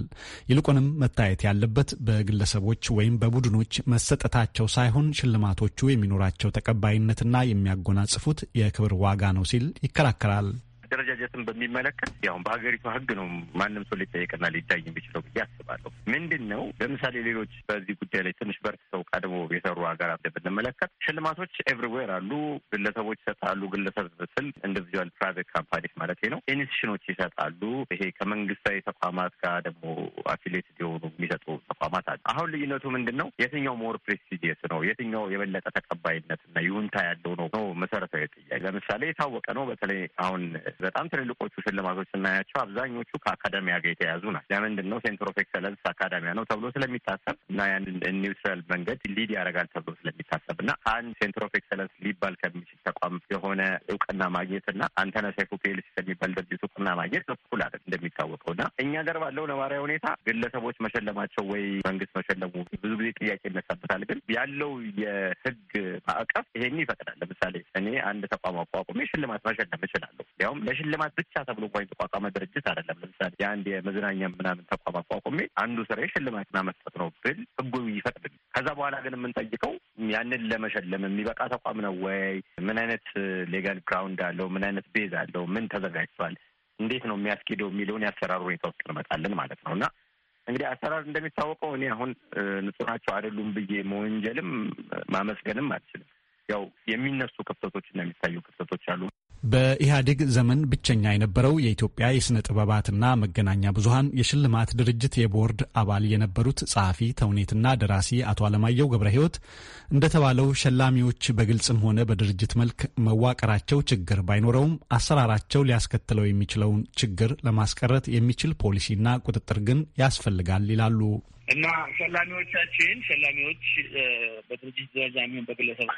ይልቁንም መታየት ያለበት በግለሰቦች ወይም በቡድኖች መሰጠታቸው ሳይሆን ሽልማቶቹ የሚኖራቸው ተቀባይነትና የሚያጎናጽፉት የክብር ዋጋ ነው ሲል ይከራከራል። አደረጃጀትን በሚመለከት ያው በሀገሪቱ ህግ ነው ማንም ሰው ሊጠየቅና ሊዳኝ የሚችለው ብዬ አስባለሁ። ምንድን ነው ለምሳሌ ሌሎች በዚህ ጉዳይ ላይ ትንሽ በርትተው ቀድሞ የሰሩ ሀገራት ብንመለከት ሽልማቶች ኤቭሪዌር አሉ። ግለሰቦች ይሰጣሉ። ግለሰብ ስል ኢንዲቪጁዋል ፕራይቬት ካምፓኒስ ማለት ነው። ኢንስቲቱሽኖች ይሰጣሉ። ይሄ ከመንግስታዊ ተቋማት ጋር ደግሞ አፊሌትድ የሆኑ የሚሰጡ ተቋማት አሉ። አሁን ልዩነቱ ምንድን ነው? የትኛው ሞር ፕሬስቲጂየስ ነው? የትኛው የበለጠ ተቀባይነት እና ይሁንታ ያለው ነው ነው መሰረታዊ ጥያቄ። ለምሳሌ የታወቀ ነው። በተለይ አሁን በጣም ትልልቆቹ ሽልማቶች ስናያቸው አብዛኞቹ ከአካዳሚያ ጋር የተያያዙ ናቸው። ለምንድን ነው ሴንተር ኦፍ ኤክሰለንስ አካዳሚያ ነው ተብሎ ስለሚታሰብ እና ያንን ኒውትራል መንገድ ሊድ ያደርጋል ተብሎ ስለሚታሰብ እና አንድ ሴንትር ኦፍ ኤክሰለንስ ሊባል ከሚችል ተቋም የሆነ እውቅና ማግኘት እና አንተነህ ሰይፉ ፒኤልሲ የሚባል ድርጅት እውቅና ማግኘት እኩል አለ እንደሚታወቀው እና እኛ ገር ባለው ነባራዊ ሁኔታ ግለሰቦች መሸለማቸው ወይ መንግስት መሸለሙ ብዙ ጊዜ ጥያቄ ይነሳበታል። ግን ያለው የህግ ማዕቀፍ ይሄን ይፈቅዳል። ለምሳሌ እኔ አንድ ተቋም አቋቁሜ ሽልማት መሸለም እችላለሁ። ያውም ለሽልማት ብቻ ተብሎ እንኳን የተቋቋመ ድርጅት አይደለም። ለምሳሌ የአንድ የመዝናኛ ምናምን ተቋም አቋቁሜ አንዱ ስራ ሽልማትና መስጠት ነው ብል ህጉ ይፈቅድል። ከዛ በኋላ ግን የምንጠይቀው ያንን ለመሸለም የሚበቃ ተቋም ነው ወይ? ምን አይነት ሌጋል ግራውንድ አለው? ምን አይነት ቤዝ አለው? ምን ተዘጋጅቷል? እንዴት ነው የሚያስኬደው የሚለውን የአሰራር ሁኔታ ውስጥ እንመጣለን ማለት ነው እና እንግዲህ አሰራር እንደሚታወቀው እኔ አሁን ንጹህ ናቸው አይደሉም ብዬ መወንጀልም ማመስገንም አልችልም። ያው የሚነሱ ክፍተቶች እና የሚታዩ ክፍተቶች አሉ። በኢህአዴግ ዘመን ብቸኛ የነበረው የኢትዮጵያ የሥነ ጥበባትና መገናኛ ብዙሀን የሽልማት ድርጅት የቦርድ አባል የነበሩት ጸሐፊ ተውኔትና ደራሲ አቶ አለማየሁ ገብረ ሕይወት እንደተባለው ሸላሚዎች በግልጽም ሆነ በድርጅት መልክ መዋቀራቸው ችግር ባይኖረውም አሰራራቸው ሊያስከትለው የሚችለውን ችግር ለማስቀረት የሚችል ፖሊሲና ቁጥጥር ግን ያስፈልጋል ይላሉ። እና ሸላሚዎቻችን ሸላሚዎች በድርጅት ደረጃ የሚሆን በግለሰብ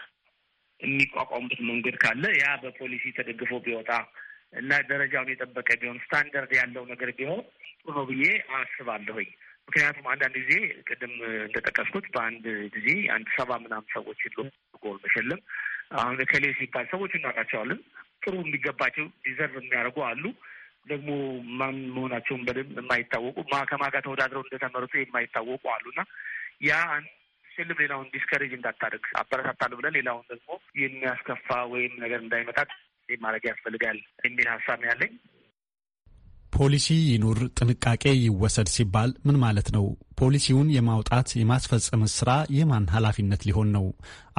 የሚቋቋሙበት መንገድ ካለ ያ በፖሊሲ ተደግፎ ቢወጣ እና ደረጃውን የጠበቀ ቢሆን ስታንዳርድ ያለው ነገር ቢሆን ጥሩ ብዬ አስባለሁኝ። ምክንያቱም አንዳንድ ጊዜ ቅድም እንደጠቀስኩት በአንድ ጊዜ አንድ ሰባ ምናምን ሰዎች ሎ ጎል መሸለም አሁን ከሌ ሲባል ሰዎች እናውቃቸዋለን። ጥሩ የሚገባቸው ዲዘርቭ የሚያደርጉ አሉ ደግሞ ማን መሆናቸውን በደንብ የማይታወቁ ከማጋ ተወዳድረው እንደተመረጡ የማይታወቁ አሉና ያ አንድ ስታሸልም ሌላውን ዲስከሬጅ እንዳታደርግ አበረታታሉ ብለን ሌላውን ደግሞ የሚያስከፋ ወይም ነገር እንዳይመጣት ማድረግ ያስፈልጋል የሚል ሀሳብ ነው ያለኝ። ፖሊሲ ይኑር፣ ጥንቃቄ ይወሰድ ሲባል ምን ማለት ነው? ፖሊሲውን የማውጣት የማስፈጸም ስራ የማን ኃላፊነት ሊሆን ነው?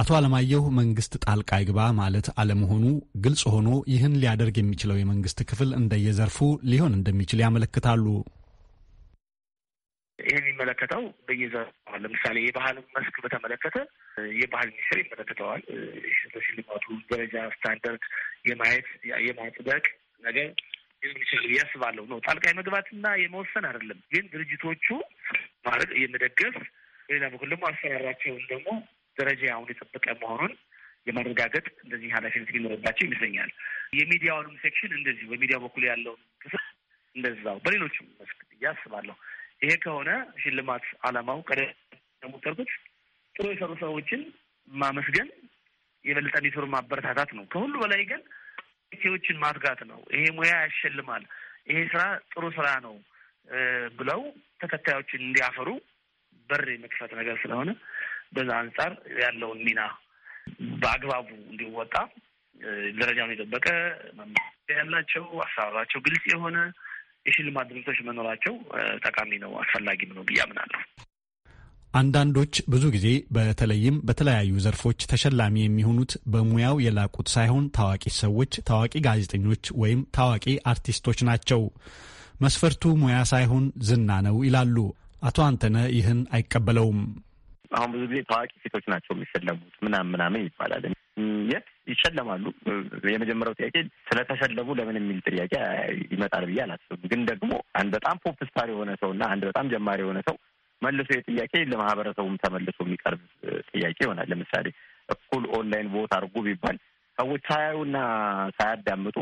አቶ አለማየሁ መንግስት ጣልቃ ይግባ ማለት አለመሆኑ ግልጽ ሆኖ ይህን ሊያደርግ የሚችለው የመንግስት ክፍል እንደየዘርፉ ሊሆን እንደሚችል ያመለክታሉ። ይህን የሚመለከተው በየዘርፏል ለምሳሌ የባህል መስክ በተመለከተ የባህል ሚኒስቴር ይመለከተዋል። በሽልማቱ ደረጃ ስታንዳርድ የማየት የማጽደቅ ነገር ሚኒስቴር ያስባለሁ ነው። ጣልቃ የመግባትና የመወሰን አይደለም፣ ግን ድርጅቶቹ ማድረግ የመደገፍ ሌላ በኩል ደግሞ አሰራራቸውን ደግሞ ደረጃ አሁን የጠበቀ መሆኑን የማረጋገጥ እንደዚህ ኃላፊነት ሊኖርባቸው ይመስለኛል። የሚዲያውንም ሴክሽን እንደዚሁ በሚዲያው በኩል ያለውን ክፍል እንደዛው በሌሎችም መስክ እያስባለሁ ይሄ ከሆነ ሽልማት አላማው ቀደም እንደሞከርኩት ጥሩ የሰሩ ሰዎችን ማመስገን የበለጠ እንዲሰሩ ማበረታታት ነው። ከሁሉ በላይ ግን ዎችን ማትጋት ነው። ይሄ ሙያ ያሸልማል፣ ይሄ ስራ ጥሩ ስራ ነው ብለው ተከታዮችን እንዲያፈሩ በር የመክፈት ነገር ስለሆነ በዛ አንጻር ያለውን ሚና በአግባቡ እንዲወጣ ደረጃውን የጠበቀ ያላቸው አሰራራቸው ግልጽ የሆነ የሽልማት ድርጅቶች መኖራቸው ጠቃሚ ነው፣ አስፈላጊም ነው ብዬ አምናለሁ። አንዳንዶች ብዙ ጊዜ በተለይም በተለያዩ ዘርፎች ተሸላሚ የሚሆኑት በሙያው የላቁት ሳይሆን ታዋቂ ሰዎች፣ ታዋቂ ጋዜጠኞች ወይም ታዋቂ አርቲስቶች ናቸው። መስፈርቱ ሙያ ሳይሆን ዝና ነው ይላሉ። አቶ አንተነ ይህን አይቀበለውም። አሁን ብዙ ጊዜ ታዋቂ ሴቶች ናቸው የሚሸለሙት ምናምን ምናምን ይባላል። የት ይሸለማሉ። የመጀመሪያው ጥያቄ ስለተሸለሙ ለምን የሚል ጥያቄ ይመጣል ብዬ አላስብም። ግን ደግሞ አንድ በጣም ፖፕ ስታር የሆነ ሰው እና አንድ በጣም ጀማሪ የሆነ ሰው መልሶ የጥያቄ ለማህበረሰቡም ተመልሶ የሚቀርብ ጥያቄ ይሆናል። ለምሳሌ እኩል ኦንላይን ቦት አድርጎ ቢባል ሰዎች ሳያዩና ሳያዳምጡ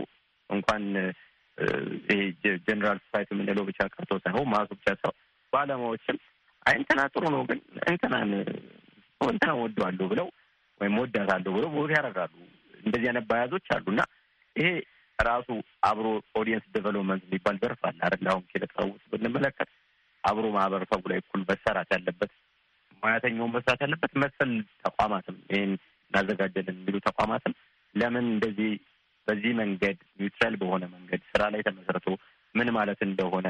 እንኳን ይሄ ጀኔራል ሶሳይቲ የምንለው ብቻ ቀርቶ ሳይሆን ማሱ ብቻ ሰው ባለሙያዎችም አይ እንትና ጥሩ ነው ግን እንትናን እንትናን ወደዋለሁ ብለው ወይም ወዳታለሁ ብለው ቦት ያደርጋሉ። እንደዚህ አይነት ባያዞች አሉና ይሄ ራሱ አብሮ ኦዲየንስ ዴቨሎፕመንት የሚባል ዘርፍ አለ አይደል? አሁን ኪነጥበብ ብንመለከት አብሮ ማህበረሰቡ ላይ እኩል መሰራት ያለበት ሙያተኛው መስራት ያለበት መሰል ተቋማትም ይህን እናዘጋጀልን የሚሉ ተቋማትም ለምን እንደዚህ በዚህ መንገድ ኒውትራል በሆነ መንገድ ስራ ላይ ተመስርቶ ምን ማለት እንደሆነ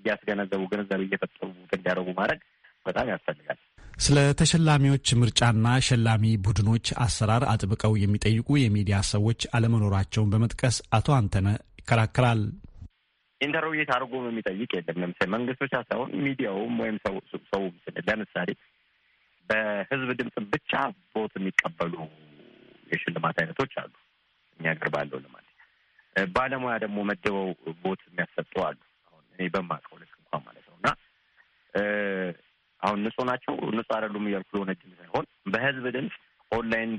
እያስገነዘቡ ግንዛቤ እየፈጠሩ እንዲያደርጉ ማድረግ በጣም ያስፈልጋል። ስለ ተሸላሚዎች ምርጫና ሸላሚ ቡድኖች አሰራር አጥብቀው የሚጠይቁ የሚዲያ ሰዎች አለመኖራቸውን በመጥቀስ አቶ አንተነ ይከራከራል። ኢንተርቪው አድርጎ የሚጠይቅ የለም። ለምሳሌ መንግስት ብቻ ሳይሆን ሚዲያውም ወይም ሰው ለምሳሌ በህዝብ ድምፅ ብቻ ቦት የሚቀበሉ የሽልማት አይነቶች አሉ። እኛ ገር ባለው ልማት ባለሙያ ደግሞ መድበው ቦት የሚያሰጡ አሉ። አሁን እኔ በማውቀው ልክ እንኳን ማለት ነው እና አሁን ንጹህ ናቸው ንጹህ አይደሉም እያልኩ ለወነጅል ሳይሆን በህዝብ ድምፅ ኦንላይን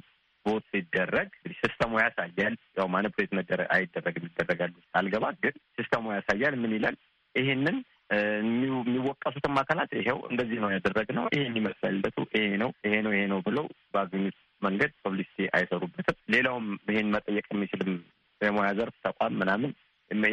ቦት ሲደረግ እንግዲህ ሲስተሙ ያሳያል። ያው ማኒፕሌት መደረግ አይደረግም ይደረጋሉ አልገባ ግን ሲስተሙ ያሳያል። ምን ይላል? ይሄንን የሚወቀሱትም አካላት ይሄው እንደዚህ ነው ያደረግነው፣ ይሄን ይመስላልበቱ ይሄ ነው ይሄ ነው ይሄ ነው ብለው ባገኙት መንገድ ፐብሊሲቲ አይሰሩበትም። ሌላውም ይሄን መጠየቅ የሚችልም የሙያ ዘርፍ ተቋም ምናምን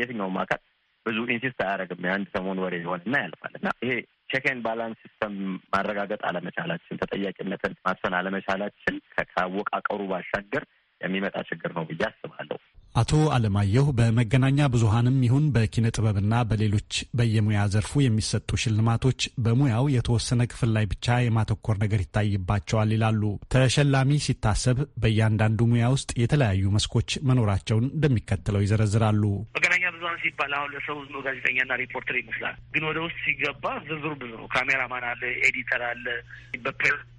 የትኛውም አካል ብዙ ኢንሲስት አያደርግም። የአንድ ሰሞን ወሬ ይሆንና ያልፋል እና ይሄ ቼክን ባላንስ ሲስተም ማረጋገጥ አለመቻላችን፣ ተጠያቂነትን ማስፈን አለመቻላችን ከአወቃቀሩ ባሻገር የሚመጣ ችግር ነው ብዬ አስባለሁ። አቶ አለማየሁ በመገናኛ ብዙሃንም ይሁን በኪነ ጥበብና በሌሎች በየሙያ ዘርፉ የሚሰጡ ሽልማቶች በሙያው የተወሰነ ክፍል ላይ ብቻ የማተኮር ነገር ይታይባቸዋል ይላሉ። ተሸላሚ ሲታሰብ በእያንዳንዱ ሙያ ውስጥ የተለያዩ መስኮች መኖራቸውን እንደሚከተለው ይዘረዝራሉ። መገናኛ ብዙሃን ሲባል አሁን ለሰው ዝኖ ጋዜጠኛና ሪፖርተር ይመስላል። ግን ወደ ውስጥ ሲገባ ዝርዝሩ ብዙ ነው። ካሜራማን አለ፣ ኤዲተር አለ።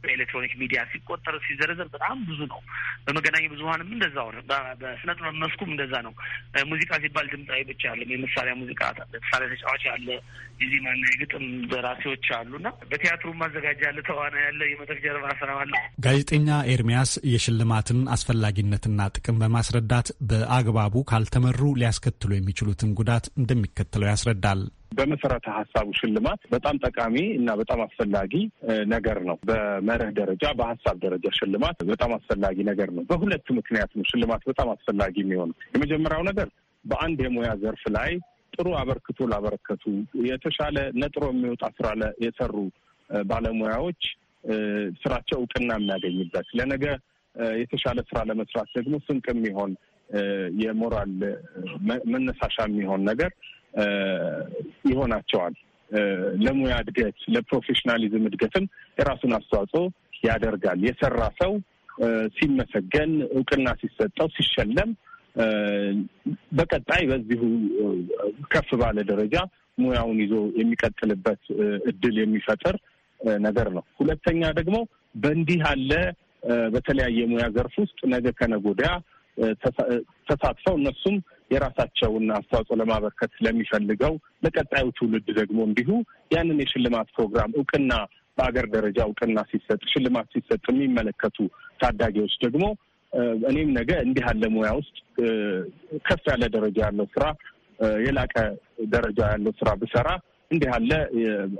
በኤሌክትሮኒክ ሚዲያ ሲቆጠር ሲዘረዘር በጣም ብዙ ነው። በመገናኛ ብዙሃንም እንደዛ ሆነ። በስነ ጥበብ መስኩ ሁሉም እንደዛ ነው። ሙዚቃ ሲባል ድምፃዊ ብቻ አለም። የመሳሪያ ሙዚቃ መሳሪያ ተጫዋች አለ፣ የዜማና የግጥም ደራሲዎች አሉና በቲያትሩ ማዘጋጃ አለ፣ ተዋና ያለ፣ የመድረክ ጀርባ ስራ አለ። ጋዜጠኛ ኤርሚያስ የሽልማትን አስፈላጊነትና ጥቅም በማስረዳት በአግባቡ ካልተመሩ ሊያስከትሉ የሚችሉትን ጉዳት እንደሚከተለው ያስረዳል። በመሰረተ ሀሳቡ ሽልማት በጣም ጠቃሚ እና በጣም አስፈላጊ ነገር ነው። በመርህ ደረጃ በሀሳብ ደረጃ ሽልማት በጣም አስፈላጊ ነገር ነው። በሁለት ምክንያት ነው ሽልማት በጣም አስፈላጊ የሚሆነው። የመጀመሪያው ነገር በአንድ የሙያ ዘርፍ ላይ ጥሩ አበርክቶ ላበረከቱ፣ የተሻለ ነጥሮ የሚወጣ ስራ የሰሩ ባለሙያዎች ስራቸው እውቅና የሚያገኝበት ለነገ የተሻለ ስራ ለመስራት ደግሞ ስንቅ የሚሆን የሞራል መነሳሻ የሚሆን ነገር ይሆናቸዋል። ለሙያ እድገት፣ ለፕሮፌሽናሊዝም እድገትም የራሱን አስተዋጽኦ ያደርጋል። የሰራ ሰው ሲመሰገን፣ እውቅና ሲሰጠው፣ ሲሸለም በቀጣይ በዚሁ ከፍ ባለ ደረጃ ሙያውን ይዞ የሚቀጥልበት እድል የሚፈጥር ነገር ነው። ሁለተኛ ደግሞ በእንዲህ ያለ በተለያየ ሙያ ዘርፍ ውስጥ ነገ ከነጎዳ ተሳትፈው እነሱም የራሳቸውን አስተዋጽኦ ለማበርከት ስለሚፈልገው ለቀጣዩ ትውልድ ደግሞ እንዲሁ ያንን የሽልማት ፕሮግራም እውቅና በሀገር ደረጃ እውቅና ሲሰጥ ሽልማት ሲሰጥ የሚመለከቱ ታዳጊዎች ደግሞ እኔም ነገ እንዲህ ያለ ሙያ ውስጥ ከፍ ያለ ደረጃ ያለው ስራ የላቀ ደረጃ ያለው ስራ ብሰራ እንዲህ ያለ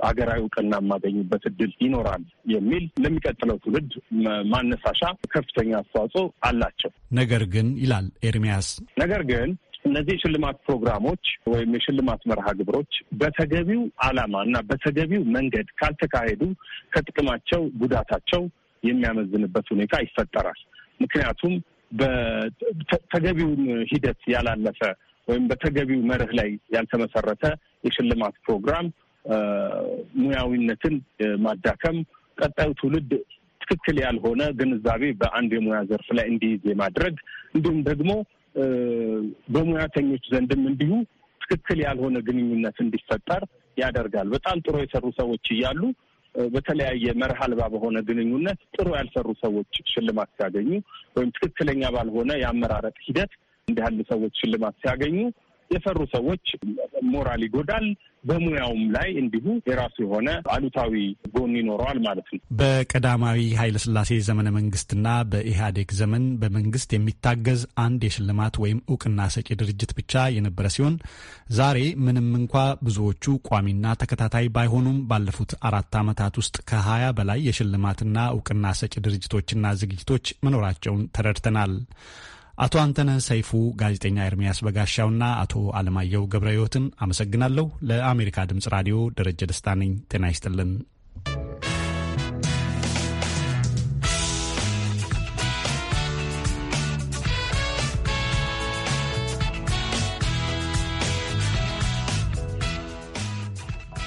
አገራዊ እውቅና የማገኝበት እድል ይኖራል የሚል ለሚቀጥለው ትውልድ ማነሳሻ ከፍተኛ አስተዋጽኦ አላቸው። ነገር ግን ይላል ኤርሚያስ፣ ነገር ግን እነዚህ የሽልማት ፕሮግራሞች ወይም የሽልማት መርሃ ግብሮች በተገቢው ዓላማ እና በተገቢው መንገድ ካልተካሄዱ ከጥቅማቸው ጉዳታቸው የሚያመዝንበት ሁኔታ ይፈጠራል። ምክንያቱም በተገቢውን ሂደት ያላለፈ ወይም በተገቢው መርህ ላይ ያልተመሰረተ የሽልማት ፕሮግራም ሙያዊነትን ማዳከም፣ ቀጣዩ ትውልድ ትክክል ያልሆነ ግንዛቤ በአንድ የሙያ ዘርፍ ላይ እንዲይዝ የማድረግ እንዲሁም ደግሞ በሙያተኞች ዘንድም እንዲሁ ትክክል ያልሆነ ግንኙነት እንዲፈጠር ያደርጋል። በጣም ጥሩ የሰሩ ሰዎች እያሉ በተለያየ መርህ አልባ በሆነ ግንኙነት ጥሩ ያልሰሩ ሰዎች ሽልማት ሲያገኙ ወይም ትክክለኛ ባልሆነ የአመራረጥ ሂደት እንዲህ ያሉ ሰዎች ሽልማት ሲያገኙ የፈሩ ሰዎች ሞራል ይጎዳል። በሙያውም ላይ እንዲሁ የራሱ የሆነ አሉታዊ ጎን ይኖረዋል ማለት ነው። በቀዳማዊ ኃይለስላሴ ዘመነ መንግስትና በኢህአዴግ ዘመን በመንግስት የሚታገዝ አንድ የሽልማት ወይም እውቅና ሰጪ ድርጅት ብቻ የነበረ ሲሆን ዛሬ ምንም እንኳ ብዙዎቹ ቋሚና ተከታታይ ባይሆኑም ባለፉት አራት ዓመታት ውስጥ ከሀያ በላይ የሽልማትና እውቅና ሰጪ ድርጅቶችና ዝግጅቶች መኖራቸውን ተረድተናል። አቶ አንተነ ሰይፉ፣ ጋዜጠኛ ኤርሚያስ በጋሻውና አቶ አለማየሁ ገብረ ህይወትን አመሰግናለሁ። ለአሜሪካ ድምፅ ራዲዮ ደረጀ ደስታ ነኝ። ጤና ይስጥልን።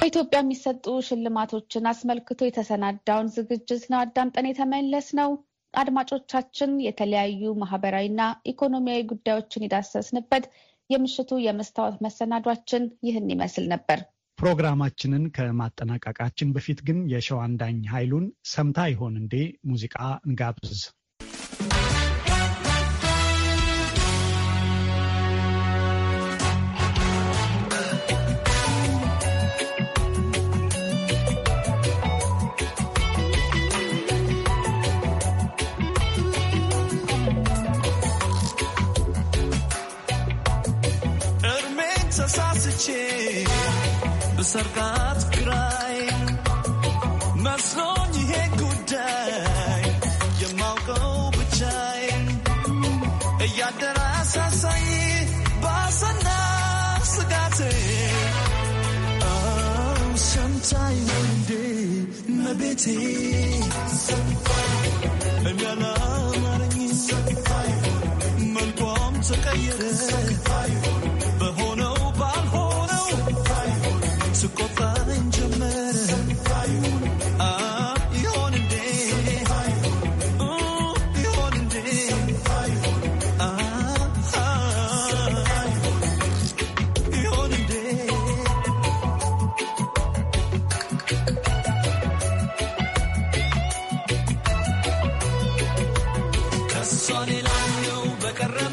በኢትዮጵያ የሚሰጡ ሽልማቶችን አስመልክቶ የተሰናዳውን ዝግጅት ነው አዳምጠን የተመለስ ነው። አድማጮቻችን የተለያዩ ማህበራዊና ኢኮኖሚያዊ ጉዳዮችን የዳሰስንበት የምሽቱ የመስታወት መሰናዷችን ይህን ይመስል ነበር። ፕሮግራማችንን ከማጠናቀቃችን በፊት ግን የሸዋንዳኝ ኃይሉን ሰምታ ይሆን እንዴ ሙዚቃ እንጋብዝ። sargat kray maslo ni he mau go bchai ya tara sa sai basana sagate one day my bitty sometime e ya na mar ni sagfai mon pom sa carrera